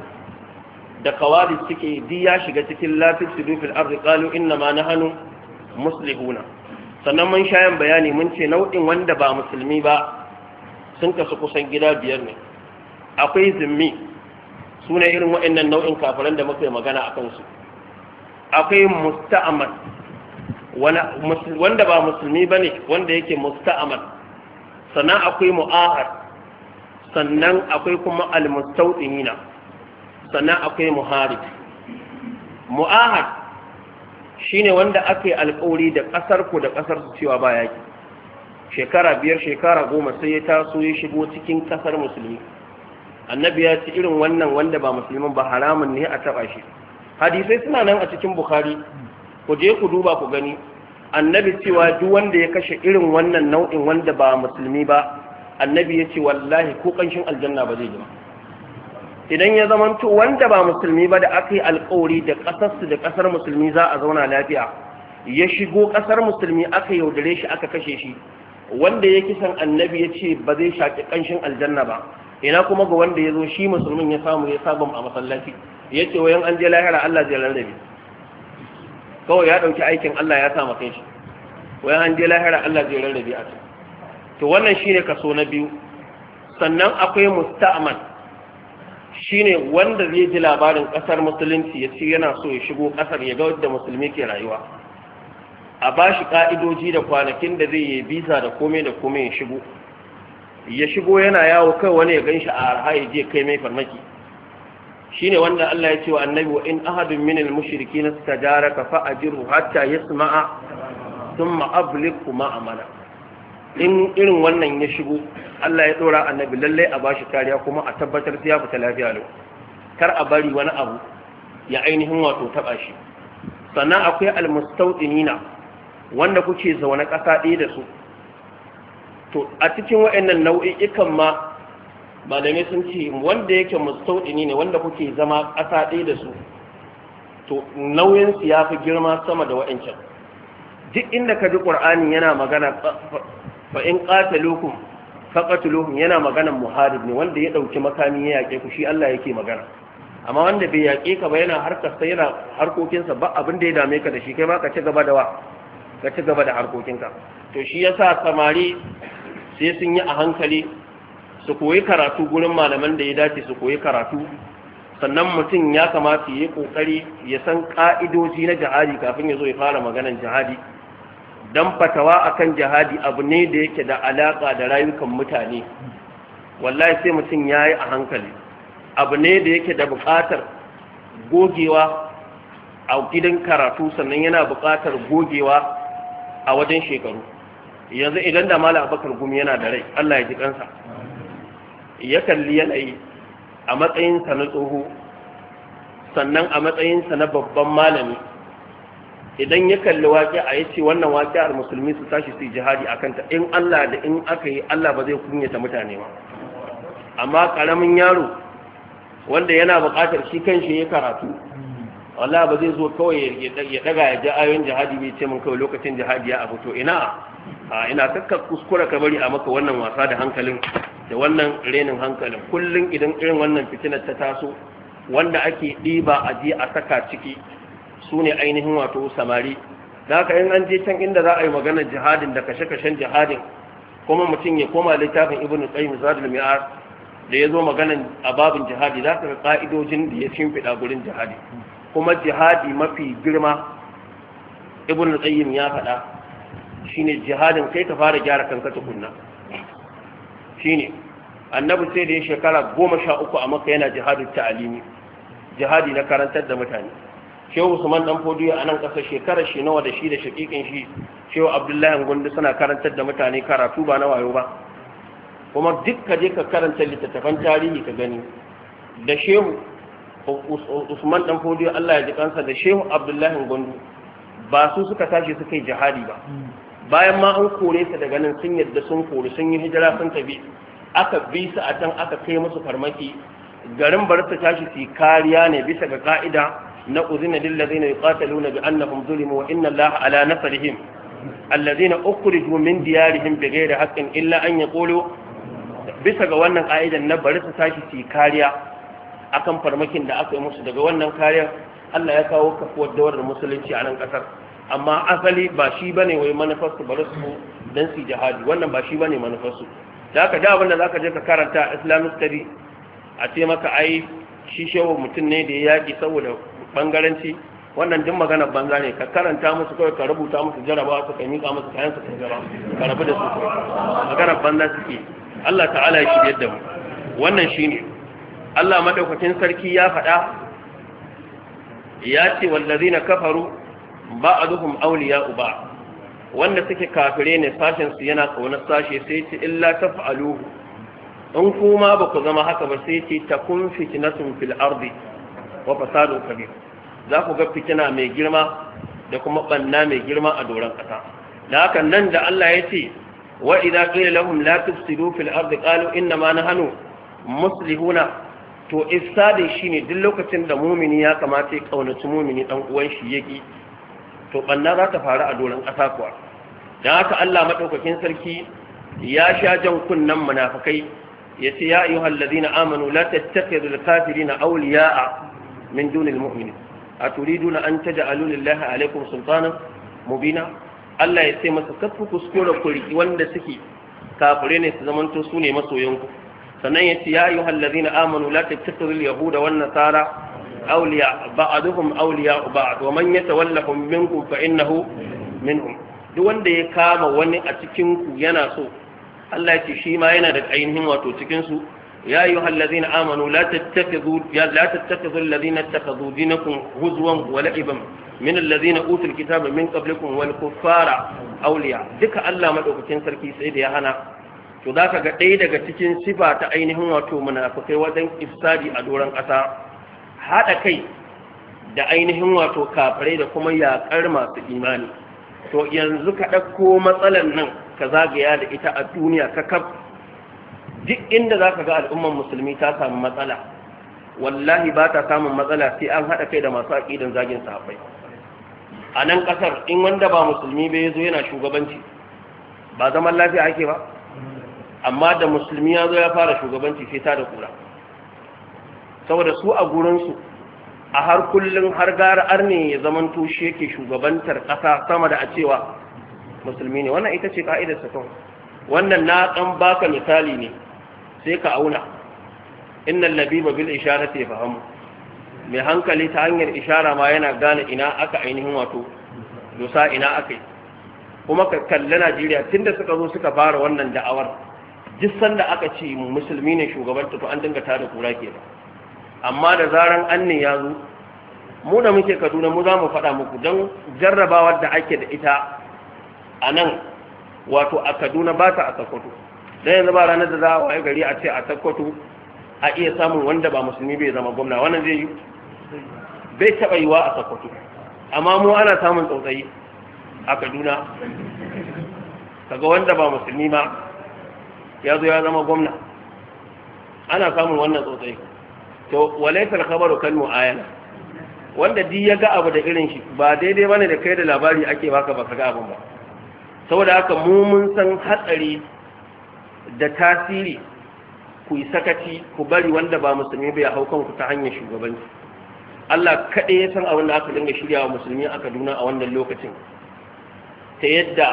Speaker 1: da kawari suke di ya shiga cikin lafis sudufil ardi qalu inna ma nahnu muslihuna sannan mun shayan bayani mun ce nau'in wanda ba musulmi ba sun kasu kusan gida biyar ne akwai zimmi su ne irin waɗannan nau'in kafiran da muka yi magana a kansu akwai musta'amar. wanda ba musulmi ba ne wanda yake musta'amar, sannan akwai mu'ahar sannan akwai kuma almustauɗinina sannan akwai muharib mu'ahad shine wanda aka yi da ƙasar ku da ƙasar su cewa ba yaki shekara biyar shekara goma sai ya taso ya shigo cikin ƙasar musulmi annabi ya ci irin wannan wanda ba musulmin ba haramun ne a taba shi hadisai suna nan a cikin bukhari ku je ku duba ku gani annabi cewa duk wanda ya kashe irin wannan nau'in wanda ba musulmi ba annabi ya ce wallahi ko kanshin aljanna ba zai jima idan ya zama to wanda ba musulmi ba da aka yi alkawari da ƙasarsu da ƙasar musulmi za a zauna lafiya ya shigo ƙasar musulmi aka yaudare shi aka kashe shi wanda ya kisan annabi ya ce ba zai shaƙi ƙanshin aljanna ba ina kuma ga wanda ya zo shi musulmin ya samu ya sabon a masallaci ya ce wayan an je lahira Allah zai rarrabe kawai ya ɗauki aikin Allah ya sa kai shi wayan an je lahira Allah zai rarrabe a can to wannan shine kaso na biyu sannan akwai musta'man shine wanda zai ji labarin kasar musulunci ya ce yana so ya shigo kasar ya ga wadda musulmi ke rayuwa a bashi ka'idoji da kwanakin da zai yi biza da komai da komai ya shigo ya shigo yana yawo kai wani ya ganshi a arha ya je kai mai farmaki shine wanda Allah ya ce wa annabi wa in ahadun na suka mushrikin istajaraka fa ajiru hatta yasma'a thumma ablighu ma amana in irin wannan ya shigo Allah ya dora annabi lallai a bashi kariya kuma a tabbatar sai ya fita lafiya lau kar a bari wani abu ya ainihin wato taba shi sannan akwai al mustawdinina wanda kuke zaune kasa ɗaya da su to a cikin wa'annan nau'i'ikan ma malamai sun ce wanda yake ni ne wanda kuke zama ƙasa ɗaya da su to su ya fi girma sama da wa'ancan duk inda ka ji ƙur'ani yana magana fa in qataluhum faqatuluhum yana magana muharib ne wanda ya ɗauki makami ya yake ku shi Allah yake magana amma wanda bai yake ka ba yana sai yana harkokinsa ba abin da ya dame ka da shi kai ma ka ci gaba da wa ka ci gaba da harkokinka to shi yasa samari sai sun yi a hankali su koyi karatu gurin malaman da ya dace su koyi karatu sannan mutum ya kamata ya yi kokari ya san ka'idoji na jihadi kafin ya zo ya fara maganan jihadi Don fatawa akan jihadi abu ne da yake da alaka da rayukan mutane wallahi sai mutum ya yi a hankali abu ne da yake da buƙatar gogewa a gidan karatu sannan yana buƙatar gogewa a wajen shekaru yanzu idan da mala abakar gumi yana da rai allah ya ji kansa ya kalli yanayi a matsayinsa na tsoho sannan a matsayinsa na babban malami idan ya kalli waƙi a yace wannan a musulmi su tashi su jihadi a kanta in allah da in aka yi allah ba zai kunyata mutane ba amma ƙaramin yaro wanda yana buƙatar shi kan shi ya karatu wallah ba zai zo kawai ya daga ya ji ayoyin jihadi bai ce min kawai lokacin jihadi ya abu to ina a ina kakka kuskura ka bari a maka wannan wasa da hankalin da wannan renin hankalin kullum idan irin wannan fitinar ta taso wanda ake ɗiba a je a saka ciki su ne ainihin wato samari da ka in an je can inda za a yi maganar jihadin da kashe-kashen jihadin kuma mutum ya koma littafin ibn qayyim zadul mi'ar da ya zo maganar ababin jihadi za ka ga ka'idojin da ya shimfiɗa gurin jihadi kuma jihadi mafi girma ibn qayyim ya faɗa shine jihadin kai ka fara gyara kanka tukunna shine annabi sai da ya shekara goma sha uku a maka yana jihadin ta'alimi jihadi na karantar da mutane shehu usman dan fodiyo a nan ƙasa shekara shi nawa da shi da shakikin shi shehu abdullahi gundu suna karantar da mutane karatu ba na wayo ba kuma duk ka je ka karanta littattafan tarihi ka gani da shehu usman dan fodiyo Allah ya ji kansa da shehu abdullahi gundu ba su suka tashi suka yi jihadi ba bayan ma an kore su daga nan sun yadda sun kore sun yi hijira sun tafi aka bi su a can aka kai musu farmaki garin bar su tashi su kariya ne bisa ga ka'ida na uzina lil ladina yuqataluna bi annahum zulimu wa inna allaha ala nasrihim alladina ukhriju min diyarihim bighairi haqqin illa an yaqulu bisa ga wannan ka'idan na bar su tashi su kariya akan farmakin da aka yi musu daga wannan kariyar Allah ya kawo kafuwar dawar musulunci a nan kasar amma asali ba shi ba ne wai manufarsu ba su don su jihadi wannan ba shi ba ne manufarsu da aka da abin da ka je ka karanta islamic study a ce maka ai shi shewa mutum ne da ya yaƙi saboda bangaranci wannan duk magana banza ne ka karanta musu kawai ka rubuta musu jaraba su ka miƙa musu kayan su jaraba ka rabu da su magana banza suke Allah ta'ala ya shirye da mu wannan shine Allah madaukakin sarki ya faɗa ya ce wallazina kafaru Ba duhun auliya ba wanda suke kafire ne sashen su yana kaunar sashe sai ce illa taf'aluhu in kuma ba ku zama haka ba sai ce takun fitnatun fil ardi wa fasadun kabir za ku ga fitina mai girma da kuma banna mai girma a doron kasa da haka nan da Allah ya ce wa idza qila lahum la tufsidu fil ardi qalu inna ma nahnu muslihuna to ifsadi shine duk lokacin da mumini ya kamata ya kaunaci mumini dan uwan shi yake to banna za ta faru a doron ƙasa kuwa don haka Allah maɗaukakin sarki ya sha jan kunnen munafikai ya ce ya ayyuhal ladina amanu la tattakhidul kafirina awliya'a min dunil mu'minin aturiduna an taj'alu lillahi alaykum sultanan mubina Allah ya ce masa kafu kuskure ku wanda suke kafire ne su zamanto su ne masoyanku sannan ya ce ya ayyuhal ladina amanu la tattakhidul yahuda wan nasara awliya ba'duhum awliya ba'd wa man yatawallahum minkum fa innahu minhum duk wanda ya kama wani a cikinku ku yana so Allah shi ma yana da ainihin wato cikin su ya ayu allazina amanu la tattakhidhu ya la tattakhidhu allazina ittakhadhu dinakum huzwan wa min allazina utul kitaba min qablikum duka Allah madaukakin sarki sai da ya hana to zaka ga ɗaya daga cikin sifa ta ainihin wato munafukai wajen ifsadi a doron ƙasa haɗa kai da ainihin wato kafirai da kuma yaƙar masu imani to yanzu ka ɗauko matsalar nan ka zagaya da ita a duniya ka kaf duk inda za ka ga al'ummar musulmi ta samu matsala wallahi ba ta samun matsala sai an haɗa kai da masu aƙidan zagin sahabbai a nan ƙasar in wanda ba musulmi bai zo yana shugabanci ba zaman lafiya ake ba amma da musulmi ya zo ya fara shugabanci sai ta da kura saboda su a gurinsu a har kullum har gara arne ya zaman tushe ke shugabantar ƙasa sama da a cewa musulmi ne wannan ita ce ka'idar sa wannan na ɗan baka misali ne sai ka auna innal labiba bil isharati fahamu mai hankali ta hanyar ishara ma yana gane ina aka ainihin wato dosa ina aka yi kuma ka kalli Najeriya tunda suka zo suka fara wannan da'awar duk sanda aka ce musulmi ne shugaban to an dinga tada kura kenan amma da zaran annin ya zo mu da muke kaduna mu za mu faɗa muku don jarrabawar da ake da ita a nan wato a kaduna ba ta a sakkwato don yanzu ba ranar da za a waye gari a ce a sakkwato a iya samun wanda ba musulmi bai zama gwamna wannan zai yi bai taɓa yiwa a sakkwato amma mu ana samun tsautsayi a kaduna kaga wanda ba musulmi ma ya zo ya zama gwamna ana samun wannan tsautsayi to walaysal khabaru kan mu'ayana wanda di ya ga abu da irin shi ba daidai bane da kai da labari ake baka baka ga abin ba saboda haka mu mun san hatsari da tasiri ku yi sakaci ku bari wanda ba musulmi ya hau kanku ta hanyar shugabanci Allah kaɗai ya san abin da aka dinga shirya wa musulmi a Kaduna a wannan lokacin ta yadda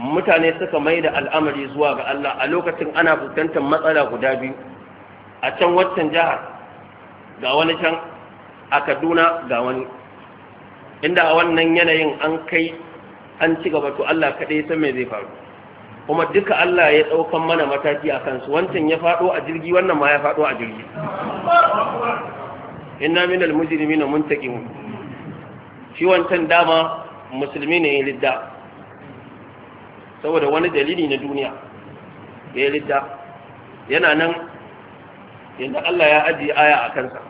Speaker 1: mutane suka mai da al'amari zuwa ga Allah a lokacin ana fuskantar matsala guda biyu a can waccan jihar ga wani can a kaduna ga wani inda a wannan yanayin an kai an ci gaba to Allah kaɗai san me zai faru kuma duka Allah ya ɗaukan mana mataki a kansu wancan ya faɗo a jirgi wannan ma ya faɗo a jirgi inna min minal mujrimina muntaqimun shi wancan dama musulmi ne ya lidda saboda wani dalili na duniya ya lidda yana nan yanzu Allah ya ajiye aya a kansa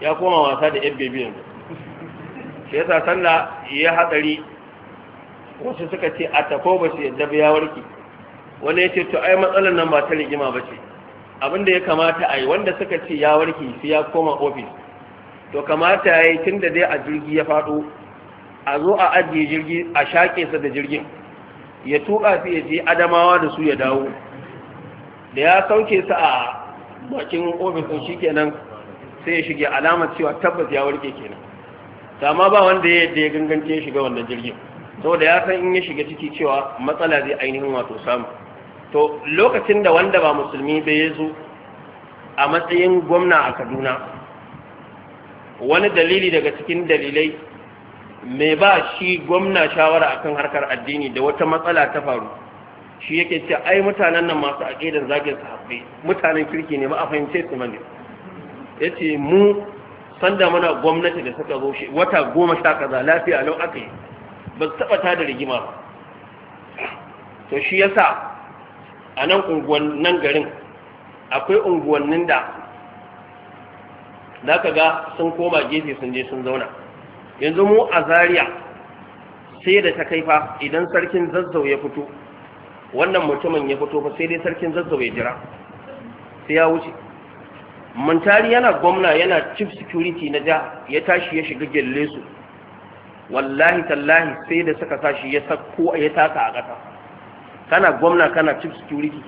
Speaker 1: ya koma wasa da yan bebi yanzu shi yasa sallah ya hatsari wasu suka ce a tafo ba shi yadda ya warke wani ya ce to ai matsalar nan ba ta rigima ba ce Abinda ya kamata a yi wanda suka ce ya warke su ya koma ofis to kamata ya yi tun da dai a jirgi ya faɗo a zo a ajiye jirgi a shaƙe sa da jirgin ya tuƙa su ya je adamawa da su ya dawo da ya sauke su a bakin ofis ke shikenan sai ya shige alamar cewa tabbas ya warke kenan dama ba wanda ya yadda ya gangance shiga wannan jirgin saboda ya san in ya shiga ciki cewa matsala zai ainihin wato samu to lokacin da wanda ba musulmi bai ya zo a matsayin gwamna a kaduna wani dalili daga cikin dalilai mai ba shi gwamna shawara akan harkar addini da wata matsala ta faru shi yake ce ai mutanen nan masu aƙidar zagin sahabbai mutanen kirki ne ba a fahimce su Ya yace mu sanda muna gwamnati da suka zo shi wata goma sha kaza lafiya lau aka yi ba su taɓa tada rigima ba to shi yasa a nan unguwannin garin akwai unguwannin da da ka ga sun koma gefe sun je sun zauna yanzu mu a Zariya sai da ta kaifa idan sarkin zazzau ya fito wannan mutumin ya fito fa sai dai sarkin zazzau ya jira sai ya wuce mantari yana gwamna yana chief security na ja ya tashi ya shiga gelle su wallahi tallahi sai da suka tashi ya sako ya taka a kasa kana gwamna kana chief security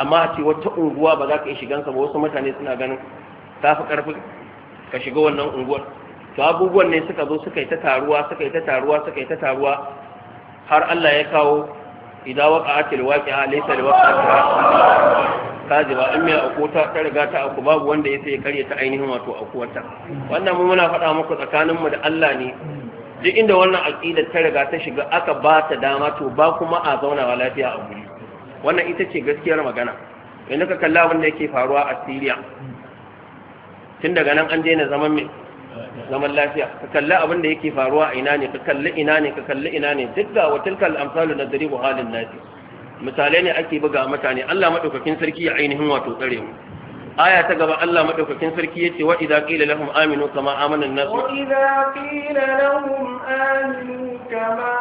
Speaker 1: amma a ce wata unguwa ba za ka yi shigansa ba wasu mutane suna ganin ta fi karfi ka shiga wannan unguwar to abubuwan ne suka zo suka yi ta taruwa suka yi ta taruwa suka yi ta taruwa har Allah ya kawo idan waka ake waƙi a laisa da ta kazi ba in mai ako ta ta riga ta babu wanda ya sai karye ta ainihin wato ako wata wannan mu muna faɗa muku tsakaninmu da Allah ne duk inda wannan aƙidar ta riga ta shiga aka ba ta dama to ba kuma a zauna wa lafiya a guri wannan ita ce gaskiyar magana idan ka kalla abin da yake faruwa a Syria tun daga nan an daina zaman mai zaman lafiya ka kalli abin da yake faruwa a ina ne ka kalli ina ne ka kalli ina ne duk ga watilkal amsalu na daribu halin nasi misalai ne ake buga mutane Allah madaukakin sarki ya ainihin wato tsare mu aya ta gaba Allah madaukakin sarki yace wa idza qila lahum aminu kama amana an-nas wa
Speaker 2: idza qila lahum aminu kama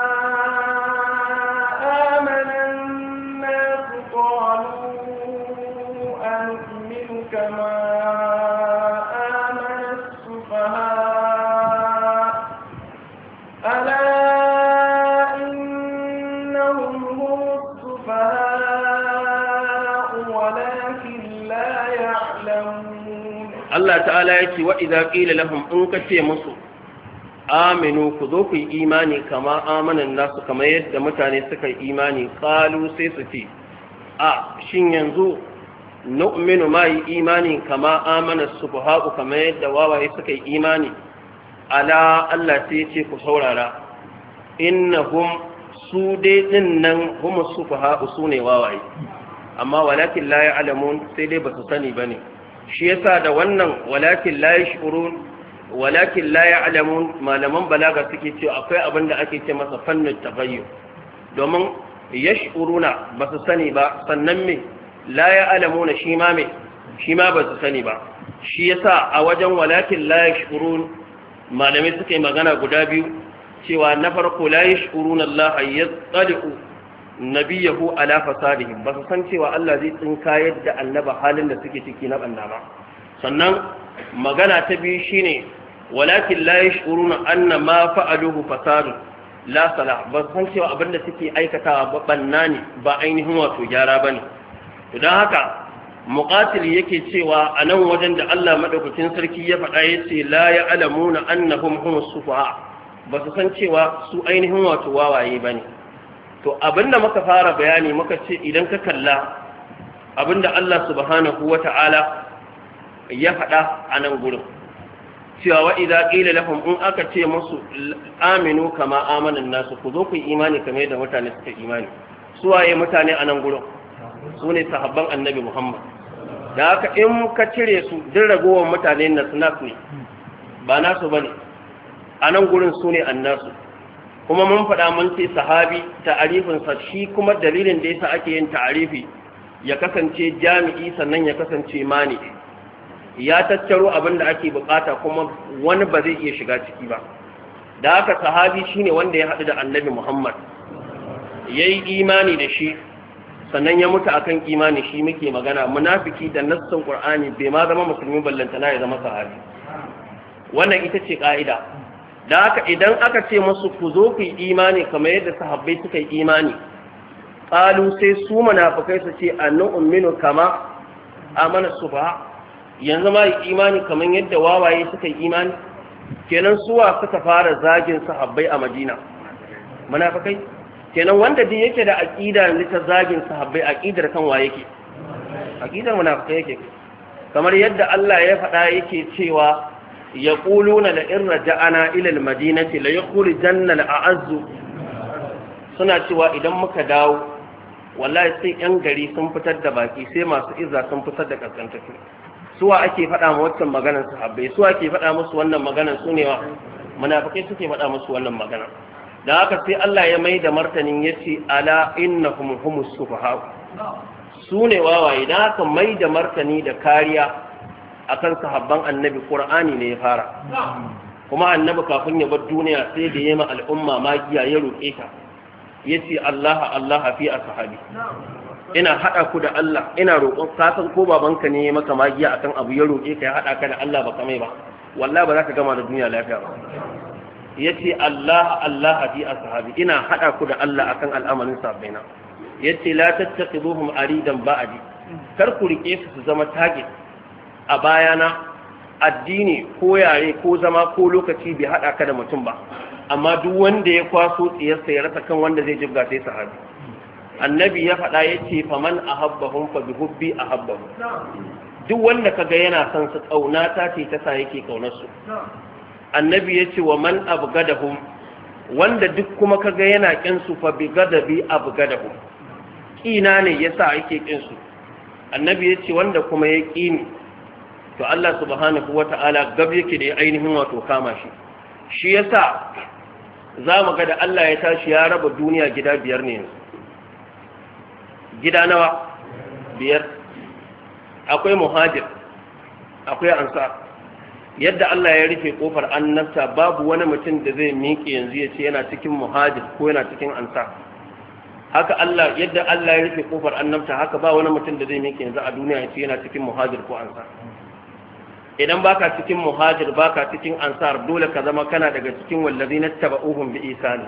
Speaker 1: Allah yake wa idza qila lahum in ka ce musu aminu ku zo ku yi imani kama amanan nasu kama yadda mutane suka yi imani qalu sai su ce a shin yanzu nu'minu ma yi imani kama amana subha'u kama yadda wawaye suka yi imani ala Allah sai ce ku saurara innahum su dai din nan hum subha'u sune wawaye amma walakin la ya'lamun sai dai ba su sani bane shi yasa da wannan walakin la yashurun walakin la ya'lamun malaman balaga suke cewa akwai abin da ake ce masa fannin tabayyu domin yashuruna ba su sani ba sannan me la ya'lamuna shi ma me shi ma ba su sani ba shi yasa a wajen walakin la yashurun malamai suke magana guda biyu cewa na farko la yashuruna Allah yattali'u nabiyahu ala fasadihim ba su san cewa Allah zai tsinka yadda annaba halin da suke ciki na banda sannan magana ta biyu shine walakin la yashuruna anna ma fa'aluhu fasadu la sala ba su san cewa abin da suke aikatawa ba banna ne ba ainihin wato gyara bane to haka muqatil yake cewa a nan wajen da Allah madaukakin sarki ya faɗa yace la ya'lamuna annahum humus sufaha ba su san cewa su ainihin wato wawaye bane to abinda muka fara bayani muka ce idan ka kalla abinda Allah subhanahu wata'ala ya faɗa a nan gurin cewa wa idza qila lahum in aka ce musu aminu kama amanan nasu ku zo ku imani kamar yadda mutane suka imani su waye mutane a nan gurin su ne sahabban annabi Muhammad da haka in ka cire su din ragowar mutane na snaps ne ba nasu bane a nan gurin su ne annasu kuma mun faɗa mun ce sahabi ta'arifinsa shi kuma dalilin da yasa ake yin ta'arifi ya kasance jami'i sannan ya kasance mani ya tattaro abin da ake bukata kuma wani ba zai iya shiga ciki ba da haka sahabi shine wanda ya haɗu da annabi muhammad ya yi imani da shi sannan ya mutu akan imani shi muke magana munafiki da nassin qur'ani bai ma zama musulmi ballantana ya zama sahabi wannan ita ce ka'ida da haka idan aka ce musu ku zo ku yi imani kamar yadda sahabbai suka yi imani qalu sai su munafikai su ce annu'minu kama amana subha yanzu ma yi imani kamar yadda wawaye suka yi imani kenan suwa suka fara zagin sahabbai a Madina munafikai kenan wanda din yake da aqida ne ta zagin sahabbai aqidar kan wa yake aqidar munafikai yake kamar yadda Allah ya faɗa yake cewa يقولون لئن رجعنا إلى المدينة ليخرجن الأعز suna cewa idan muka dawo wallahi sai yan gari sun fitar da baki sai masu iza sun fitar da kaskantattu suwa ake faɗa ma wancan maganar sahabbai suwa ke faɗa musu wannan maganar su ne wa munafikai suke faɗa musu wannan magana da haka sai Allah ya mai da martanin yace ala innahum humus sufaha su ne wawaye da haka mai da martani da kariya akan sahabban annabi qur'ani ne ya fara kuma annabi kafin ya bar duniya sai da yema al'umma magiya ya roƙe ta yace Allah Allah fi ashabi ina hada ku da Allah ina roƙon ka san ko babanka ne ya maka magiya akan abu ya roƙe ka ya hada ka da Allah baka mai ba wallahi ba za ka gama da duniya lafiya ba yace Allah Allah fi ashabi ina hada ku da Allah akan al'amarin sabbaina yace la tattaqiduhum aridan ba'di kar ku rike su su zama target a bayana addini ko yare ko zama ko lokaci bai haɗa ka da mutum ba amma duk wanda ya kwaso tsiyarsa ya rasa kan wanda zai jibga sai sahabi annabi ya faɗa ya ce faman a habbahun fa bi hubbi a habbahun duk wanda kaga yana son su ƙauna ta ce ta sa yake ƙaunar su annabi ya ce wa man abgadahum wanda duk kuma kaga yana ƙin su fa bi gadabi abgadahum ƙina ne yasa ake ƙin su annabi ya ce wanda kuma ya ƙi ni to Allah subhanahu ta'ala gab yake da ainihin wato kama shi shi yasa za mu ga da Allah ya tashi ya raba duniya gida biyar ne yanzu gida nawa biyar akwai muhajir akwai ansa. yadda Allah ya rufe kofar annabta babu wani mutum da zai miƙe yanzu ya ce yana cikin muhajir ko yana cikin ansa. haka Allah yadda Allah ya rufe kofar annabta haka ba wani mutum da zai miƙe yanzu a duniya ya ce yana cikin muhajir ko ansa. idan baka cikin muhajir baka cikin ansar dole ka zama kana daga cikin wallazina taba'uhum bi isani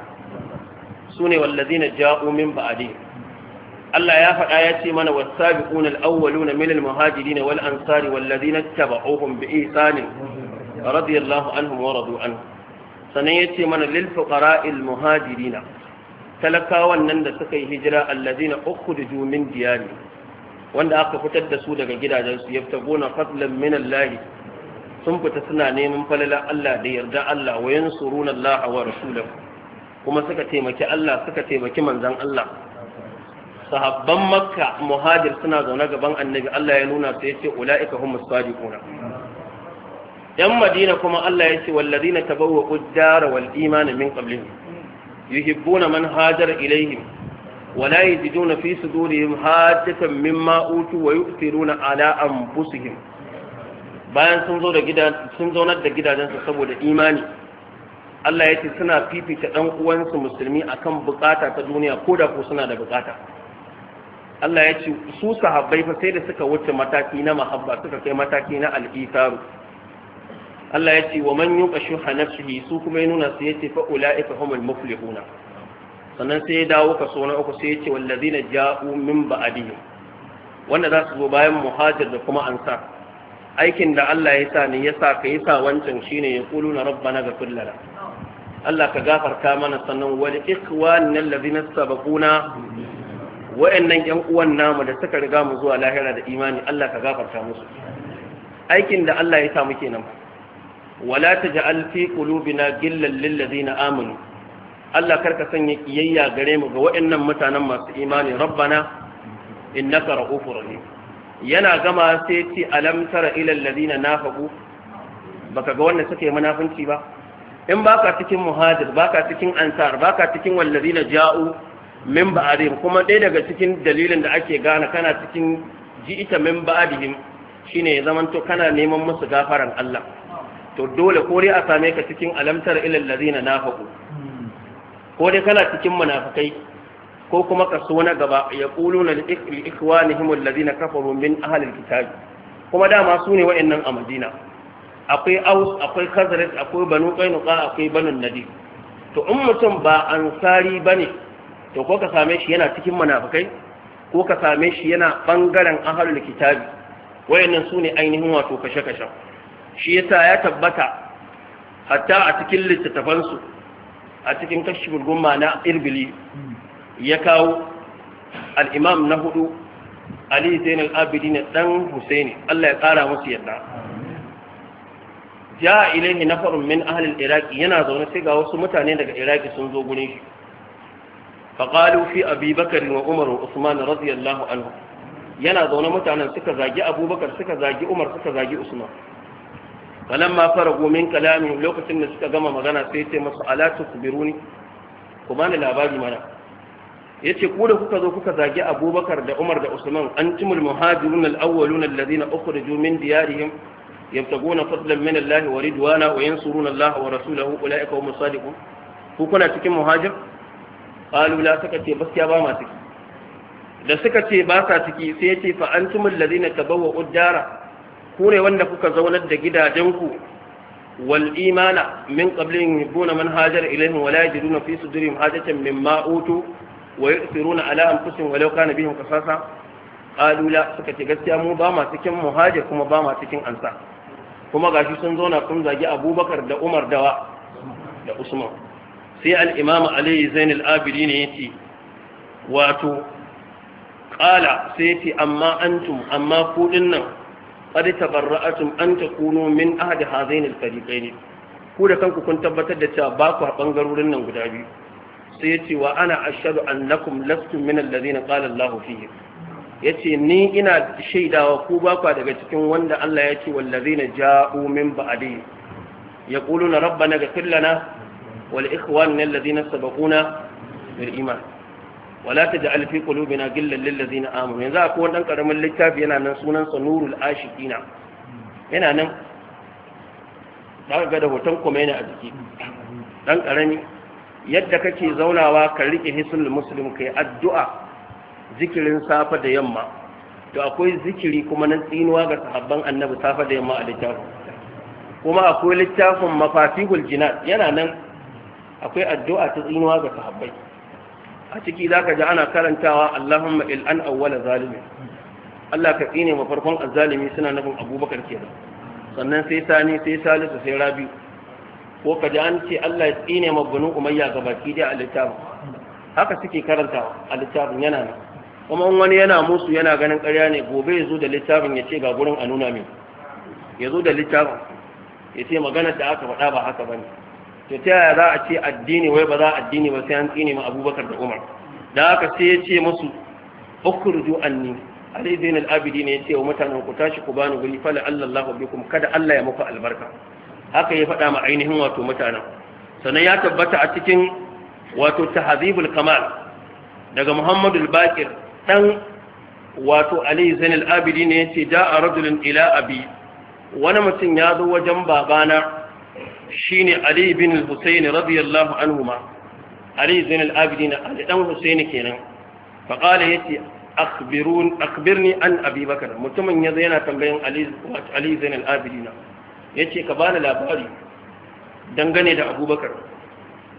Speaker 1: sune wallazina ja'u min ba'di Allah ya faɗa ya ce mana was-sabiquna al-awwaluna min al-muhajirin wal ansari wallazina taba'uhum bi isani radiyallahu anhum wa radu anhu sanan yace mana lil fuqara'il muhajirin talakawan nan da suka yi hijira allazina ukhrijoo min diyarihim wanda aka fitar da su daga gidajensu gona fadlan min Allah sun fita suna neman falala Allah da yarda Allah wa yansuruna Allah wa rasulahu kuma suka taimaki Allah suka taimaki manzon Allah sahabban makka muhajir suna zaune gaban annabi Allah ya nuna su yace ulaika humus sadiquna yan madina kuma Allah ya ce walladina na ad-dara wal imana min qablihim yuhibbuna man hajara ilayhim ولا يجدون في صدورهم حاجة مما أوتوا ويؤثرون على أنفسهم bayan sun sun zaunar da gidajensu saboda imani Allah ya ce suna fifita ɗan uwansu musulmi akan bukata ta duniya ko da ko suna da bukata Allah ya ce su sahabbai fa sai da suka wuce mataki na mahabba suka kai mataki na al'isaru Allah ya ce wa man yuqa shuha su kuma ya nuna su yace fa ulaika humul muflihuna sannan sai ya dawo kaso na uku sai ya ce wallazina ja'u min ba'dihim wanda za su zo bayan muhajir da kuma ansar aikin da Allah ya sa ne ya sa ka yi sa wancan shine ya kulu na rabbana ga kullana Allah ka gafarta mana sannan wal ikhwan allazina sabaquna wa'annan yan uwan namu da suka riga mu zuwa lahira da imani Allah ka gafarta musu aikin da Allah ya sa muke nan wala taj'al fi qulubina gillan lil ladina amanu Allah karka sanya kiyayya gare mu ga waɗannan mutanen masu imani rabbana innaka ra'ufur rahim yana gama sai ce alam tara ila alladhina nafaqu baka ga wanda suke munafunci ba in baka cikin muhajir baka cikin ansar baka cikin walladhina ja'u min ba'dihim kuma ɗaya daga cikin dalilin da ake gane kana cikin ji'ita min ba'dihim shine ya zamanto kana neman musu gafaran Allah to dole ko a same ka cikin alamtar ilal ladina nafaqu ko dai kana cikin munafikai ko kuma kaso na gaba ya kulu na ikwanihim alladhina kafaru min ahli alkitab kuma dama su ne wa'annan a Madina akwai Aus akwai Khazraj akwai Banu Qainuqa akwai Banu Nadir to in mutum ba ansari bane to ko ka same shi yana cikin munafikai ko ka same shi yana bangaren ahli kitabi wayannan su ne ainihin wato kashe-kashe shi yasa ya tabbata hatta a cikin littattafansu a cikin kashiful gumma na irbili ya kawo al na hudu ali zain al na dan husaini Allah ya tsara musu yadda ja ilaihi na nafarun min ahli al-iraq yana zaune sai ga wasu mutane daga iraki sun zo gurin shi فقالوا في أبي بكر وعمر وعثمان رضي الله عنهم yana zaune mutanen suka zagi abubakar suka zagi umar suka zagi usman فلما فرغوا من kalami lokacin da suka gama magana sai ce masu alatu kubiruni ku bani labari mana yace ku da kuka zo kuka zagi abubakar da umar da usman antumul muhajirun alawwalun alladhina ukhriju min diyarihim yabtaguna fadlan min الله wa ridwana wa yansuruna allaha wa rasulahu ulaika humus ku kuna cikin muhajir qalu la ce ba ma da suka ce ba sa ciki sai yace fa antumul ladina tabawwa'u dara ku ne wanda kuka zaunar da gidajenku wal imana min qablin yuhibbuna man hajara ilayhim wa la yajiduna fi sudurihim hajatan mimma utu wa yu'thiruna ala anfusihim walau kana bihim qasasa qalu la suka ce gaskiya mu ba ma cikin muhajir kuma ba ma cikin ansa kuma gashi sun zauna sun zagi Abubakar da Umar dawa da Usman sai al-Imam Ali Zainul Abidin ne yace wato qala sai yace amma antum amma ku dinnan qad tabarra'atum an takunu min ahadi hadain al-fariqain ku da kanku kun tabbatar da cewa ba bangarorin nan guda biyu sai yace wa ana ashhadu annakum lastum min alladhina qala Allahu fihi yace ni ina shaidawa ku bakwa daga cikin wanda Allah ya ce wallazina ja'u min na yaquluna na ighfir lana wal ikhwanina alladhina sabaquna bil iman wala taj'al fi qulubina gillan lil ladzina amanu yanzu akwai wannan karamin littafi yana nan sunan sa nurul ashiqina yana nan da ga da hoton yana a jiki dan karami yadda kake zaunawa ka rike hisul muslim kai addu'a zikirin safa da yamma to akwai zikiri kuma na tsinuwa ga sahabban annabi safa da yamma a littafin kuma akwai littafin mafatihul jinan yana nan akwai addu'a ta tsinuwa ga sahabbai a ciki za ka ji ana karantawa Allahumma il'an awwala zalimi Allah ka tsine ma farkon azzalimi suna nufin abubakar kenan sannan sai sani sai salisu sai rabi ko ka ji an ce Allah ya tsine ma banu umayya ga baki dai a littafin haka suke karantawa a littafin yana nan kuma wani yana musu yana ganin ƙarya ne gobe ya zo da littafin ya ce ga gurin a nuna min ya zo da littafin ya ce maganar da aka faɗa ba haka ba ne to ta yaya za a ce addini wai ba za a addini ba sai an tsine ma abubakar da umar da aka sai ya ce musu ukhruju anni ali zain al-abidi ne ya ce wa mutanen ku tashi ku bani guri fala allahu bikum kada allah ya muku albarka haka ya faɗa ma ainihin wato mutanen sannan ya tabbata a cikin wato tahzibul kamal daga muhammadu al-baqir dan wato ali zain al-abidi ne ya ce da'a rajulun ila abi wani mutum ya zo wajen babana shine Ali bin al-Husayn radiyallahu anhuma Ali zain al-Abidin Ali dan Husayn kenan fa qala yati akhbirun akhbirni an Abi Bakar mutumin yazo yana tambayan Ali Ali zain al-Abidin yace ka bani labari dangane da Abubakar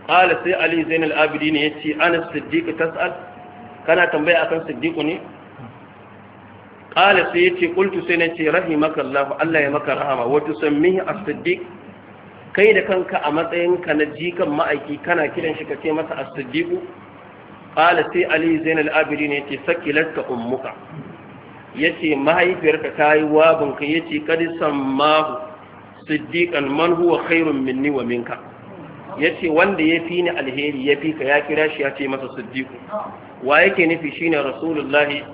Speaker 1: qala sai Ali zain al-Abidin yace ana siddiq tas'al kana tambaya akan siddiq ne qala sai yace qultu sai nace rahimakallahu Allah ya maka rahama wa tusammihi as-siddiq kai da kanka a matsayinka na jikan ma'aiki kana kiran shi ka ce masa as-siddiqu qala sai ali Zainab abidin yace sakilatka ummuka yace mahaifiyarka ta yi wabin ka yace kad sammahu siddiqan man huwa khairun minni wa minka yace wanda ya fi ni alheri ya fi ka ya kira shi ya ce masa siddiqu wa yake nufi shine rasulullahi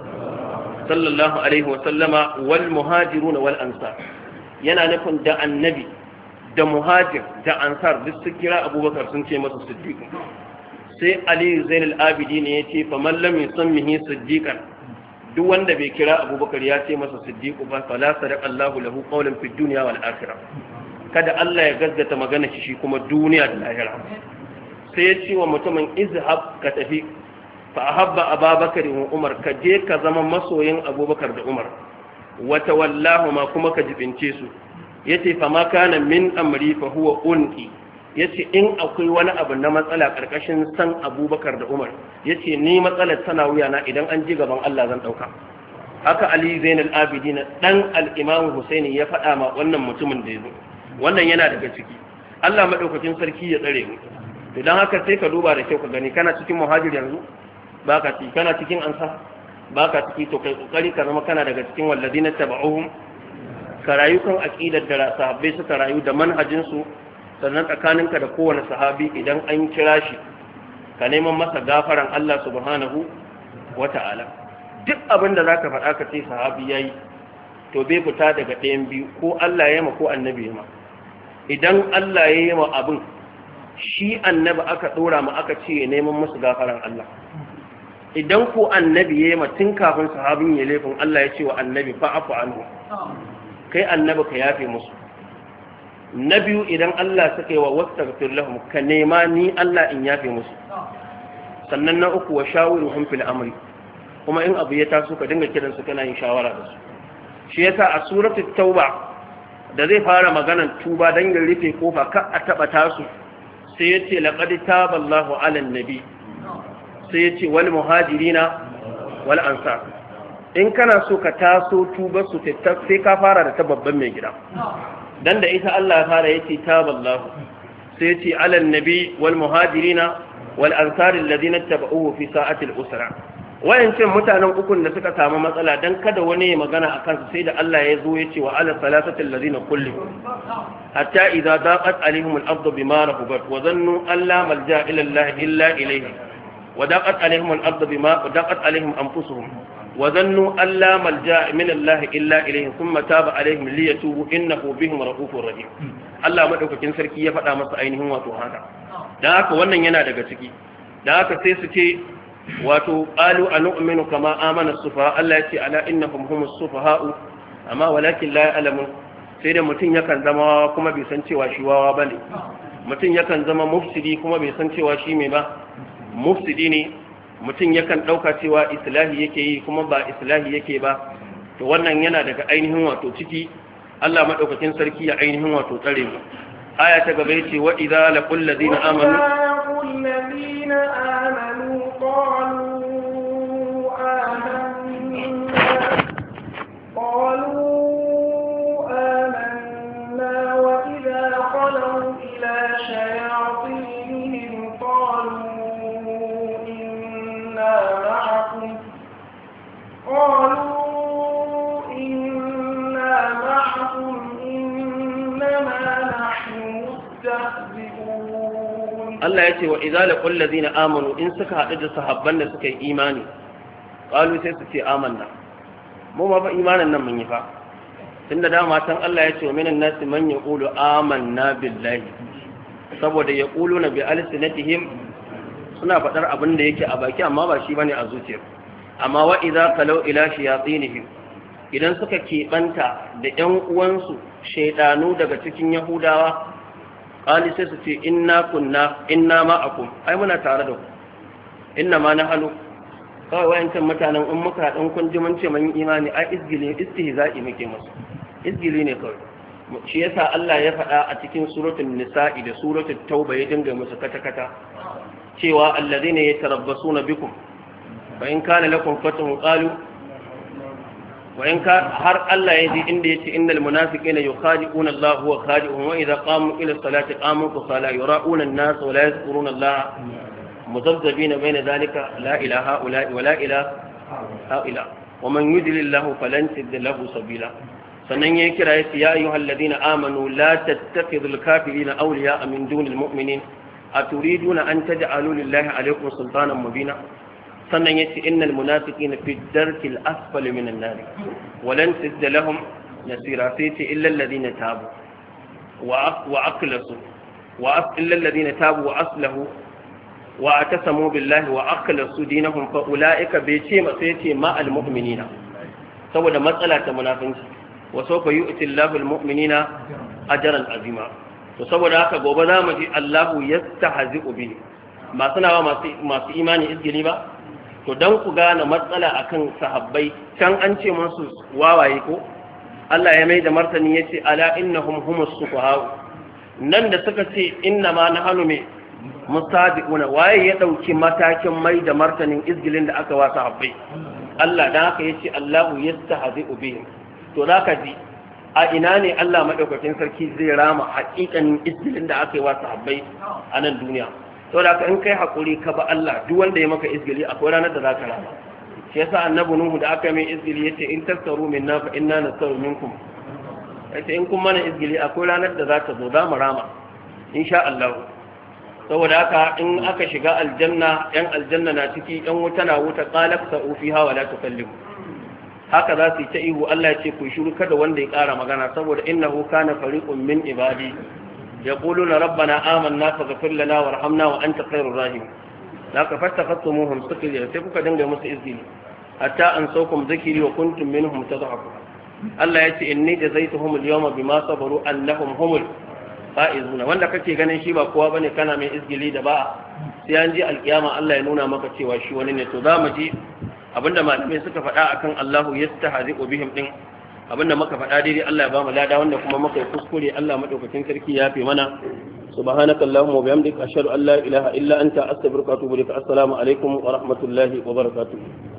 Speaker 1: sallallahu alaihi wa sallama wal muhajirun wal ansar yana nufin da annabi da muhajir da ansar duk su kira abubakar sun ce masa siddiq sai Aliyu zainul abidi ne ya ce faman sun yusammihi siddiqan duk wanda bai kira abubakar ya ce masa Siddiku ba fala sadaqa Allahu lahu qawlan fid dunya wal akhirah kada Allah ya gaggata magana shi kuma duniya da lahira sai ya ce wa mutumin izhab ka tafi fa ahabba ababakar wa umar ka je ka zama masoyin abubakar da umar wata wallahu ma kuma ka jibince su Ya ce fama kana min amri fa huwa Ya yace in akwai wani abu na matsala karkashin san Abubakar da Umar yace ni matsalar tana wuya na idan an ji gaban Allah zan ɗauka. haka Ali Zainal Abidin dan al-Imam Husaini ya faɗa ma wannan mutumin da ya zo. wannan yana daga ciki Allah madaukakin sarki ya tsare mu to dan haka sai ka duba da kyau ka gani kana cikin muhajir yanzu baka kana cikin ansa baka ciki to kai kokari ka zama kana daga cikin walladina tabauhum ka rayu kan aƙidar da sahabbai suka rayu da manhajinsu sannan tsakaninka da kowane sahabi idan an kira shi ka neman masa gafaran Allah subhanahu wa ta'ala duk abin da zaka faɗa ka ce sahabi yayi to bai fita daga ɗayan biyu ko Allah ya ma ko annabi ya ma idan Allah ya yi ma abin shi annabi aka ɗora ma aka ce neman masa gafaran Allah idan ko annabi ya yi ma tun kafin sahabin ya laifin Allah ya ce wa annabi fa afu anhu kai annabi ka yafe musu na biyu idan Allah suka yi wa wastaghfir lahum ka nema ni Allah in yafe musu sannan na uku wa shawiruhum fil amri kuma in abu ya taso ka dinga kiran su kana yin shawara da su shi yasa a suratul tauba da zai fara maganan tuba dan ya rufe kofa kar a taba tasu sai yace laqad taballahu ala nabi sai yace wal muhajirina wal ansar in kana so ka taso tuba su sai ka fara da ta babban mai gida dan da ita Allah fara yace taballahu sai yace alal nabi wal muhajirina wal ansar alladhina tabauhu fi sa'ati al usra wayancin mutanen ukun da suka samu matsala dan kada wani ya magana akan su sai da Allah ya zo yace wa ala salasati alladhina kullu hatta idza daqat alaihim al ardu bima rahabat wa dhannu alla malja ila Allah illa ilayhi ودقت عليهم الأرض بما ودقت wa zannu alla malja min Allah illa ilayhi thumma taba alaihim liyatubu innahu bihim rahufur rahim Allah madaukakin sarki ya faɗa masa ainihin wato haka dan haka wannan yana daga ciki dan haka sai su ce wato qalu anu'minu kama amana sufaha Allah ya ce ala innakum humus sufaha amma walakin la ya'lamun sai da mutum yakan zama kuma bai san cewa shi wawa bane mutum yakan zama mufsidi kuma bai san cewa shi mai ba mufsidi ne mutum yakan ɗauka cewa islahi yake yi kuma ba islahi yake ba to wannan yana daga ainihin wato ciki Allah maɗaukakin sarki ya ainihin wato tsare mu aya ta gaba yace wa idza laqul ladina amanu
Speaker 2: ladina amanu qalu معكم قالوا إنا معكم إنما نحن مستهزئون
Speaker 1: Amanu in suka لقل da آمنوا da suka yi imani, سكا sai قالوا سيستي آمنا mu ma fa imanin nan mun yi fa tunda dama san Allah ya ce wa minan nasi man yaqulu amanna billahi saboda yaquluna bi alsinatihim suna faɗar abin da yake a baki amma ba shi bane a zuciyar amma wa idza kalau ila shayatinihim idan suka kebanta da ƴan uwansu shaidanu daga cikin yahudawa qali sai su ce inna kunna inna ma'akum ai muna tare da ku inna ma nahalu kawai wayancan mutanen in muka haɗin kun ji mun ce mun imani ai izgili istihza'i muke musu izgili ne kawai shi yasa Allah ya faɗa a cikin suratul nisa'i da suratul tauba ya dinga musu kata kata cewa allazina yatarabbasuna bikum fa in kana lakum fatun qalu wa in ka har Allah ya ji inda ya yace innal munafiqina yukhadi'una Allah wa khadi'uhum wa idza qamu ila salati qamu qala yura'una an-nas wa la yadhkuruna Allah مذبذبين بين ذلك لا إله Laila, ولا إله هؤلاء ومن يدل Lahu فلن da له Sabila. sannan ya kira ya ya ayyuhal ladina amanu la tattafi tattakhidul kafirina awliya min dunil mu'minin a turi turiduna an taj'alu lillahi alaikum sultanan mubina sannan ya yace innal na fi darkil asfali minan nar walan tajid lahum nasira sai ce illa alladhina tabu wa aqlasu wa illa alladhina tabu wa aslahu wa a atasamu billahi wa aqlasu dinahum fa ulaika bai ce ma sai ce ma al saboda matsala ta munafinci wa sawfa yi Allahu al mu'minina ajaran azima to saboda haka gobe za mu ji Allahu yastahzi'u ubi, masu nawa masu imani izgili ba to dan ku gane matsala akan sahabbai can an ce masu wawaye ko Allah ya mai da martani yace ala innahum humus sufaha nan da suka ce inna ma nahnu me musabiquna waye ya dauki matakin mai da martanin izgilin da aka wa sahabbai Allah dan haka yace Allahu yastahzi'u ubi. to zaka ji a ina ne Allah madaukakin sarki zai rama haƙiƙanin izinin da aka yi wa sahabbai a nan duniya saboda in kai haƙuri, ka ba Allah duk wanda ya maka izgili akwai ranar da za zaka rama shi yasa annabi nuhu da aka mai izgili yace in tasaru minna fa inna nasaru minkum yace in kun mana izgili akwai ranar da za zaka zo za mu rama insha Allah saboda haka in aka shiga aljanna yan aljanna na ciki yan wuta na wuta qalab sa'u fiha wa la tukallimu haka za su yi ta ihu Allah ce ku shiru kada wanda ya ƙara magana saboda innahu kana fariqun min ibadi yaquluna rabbana amanna faghfir lana warhamna wa anta khairur rahim laka fattakhasumuhum sakila sai kuka dinga musu izini hatta an saukum zikiri wa kuntum minhum tadhakun Allah ya ce inni jazaituhum al bima sabaru annahum humul fa'izuna wanda kake ganin shi ba kowa bane kana mai izgili da ba'a sai an ji alkiyama Allah ya nuna maka cewa shi wani ne to za mu ji abinda malamai suka faɗa akan Allahu yastahzi'u bihim din abinda muka faɗa daidai Allah ya bamu lada wanda kuma muka kuskure Allah madaukakin sarki ya fi mana subhanaka allahumma wa bihamdika ashhadu an la ilaha illa anta astaghfiruka wa atubu ilaik assalamu alaikum wa rahmatullahi wa barakatuh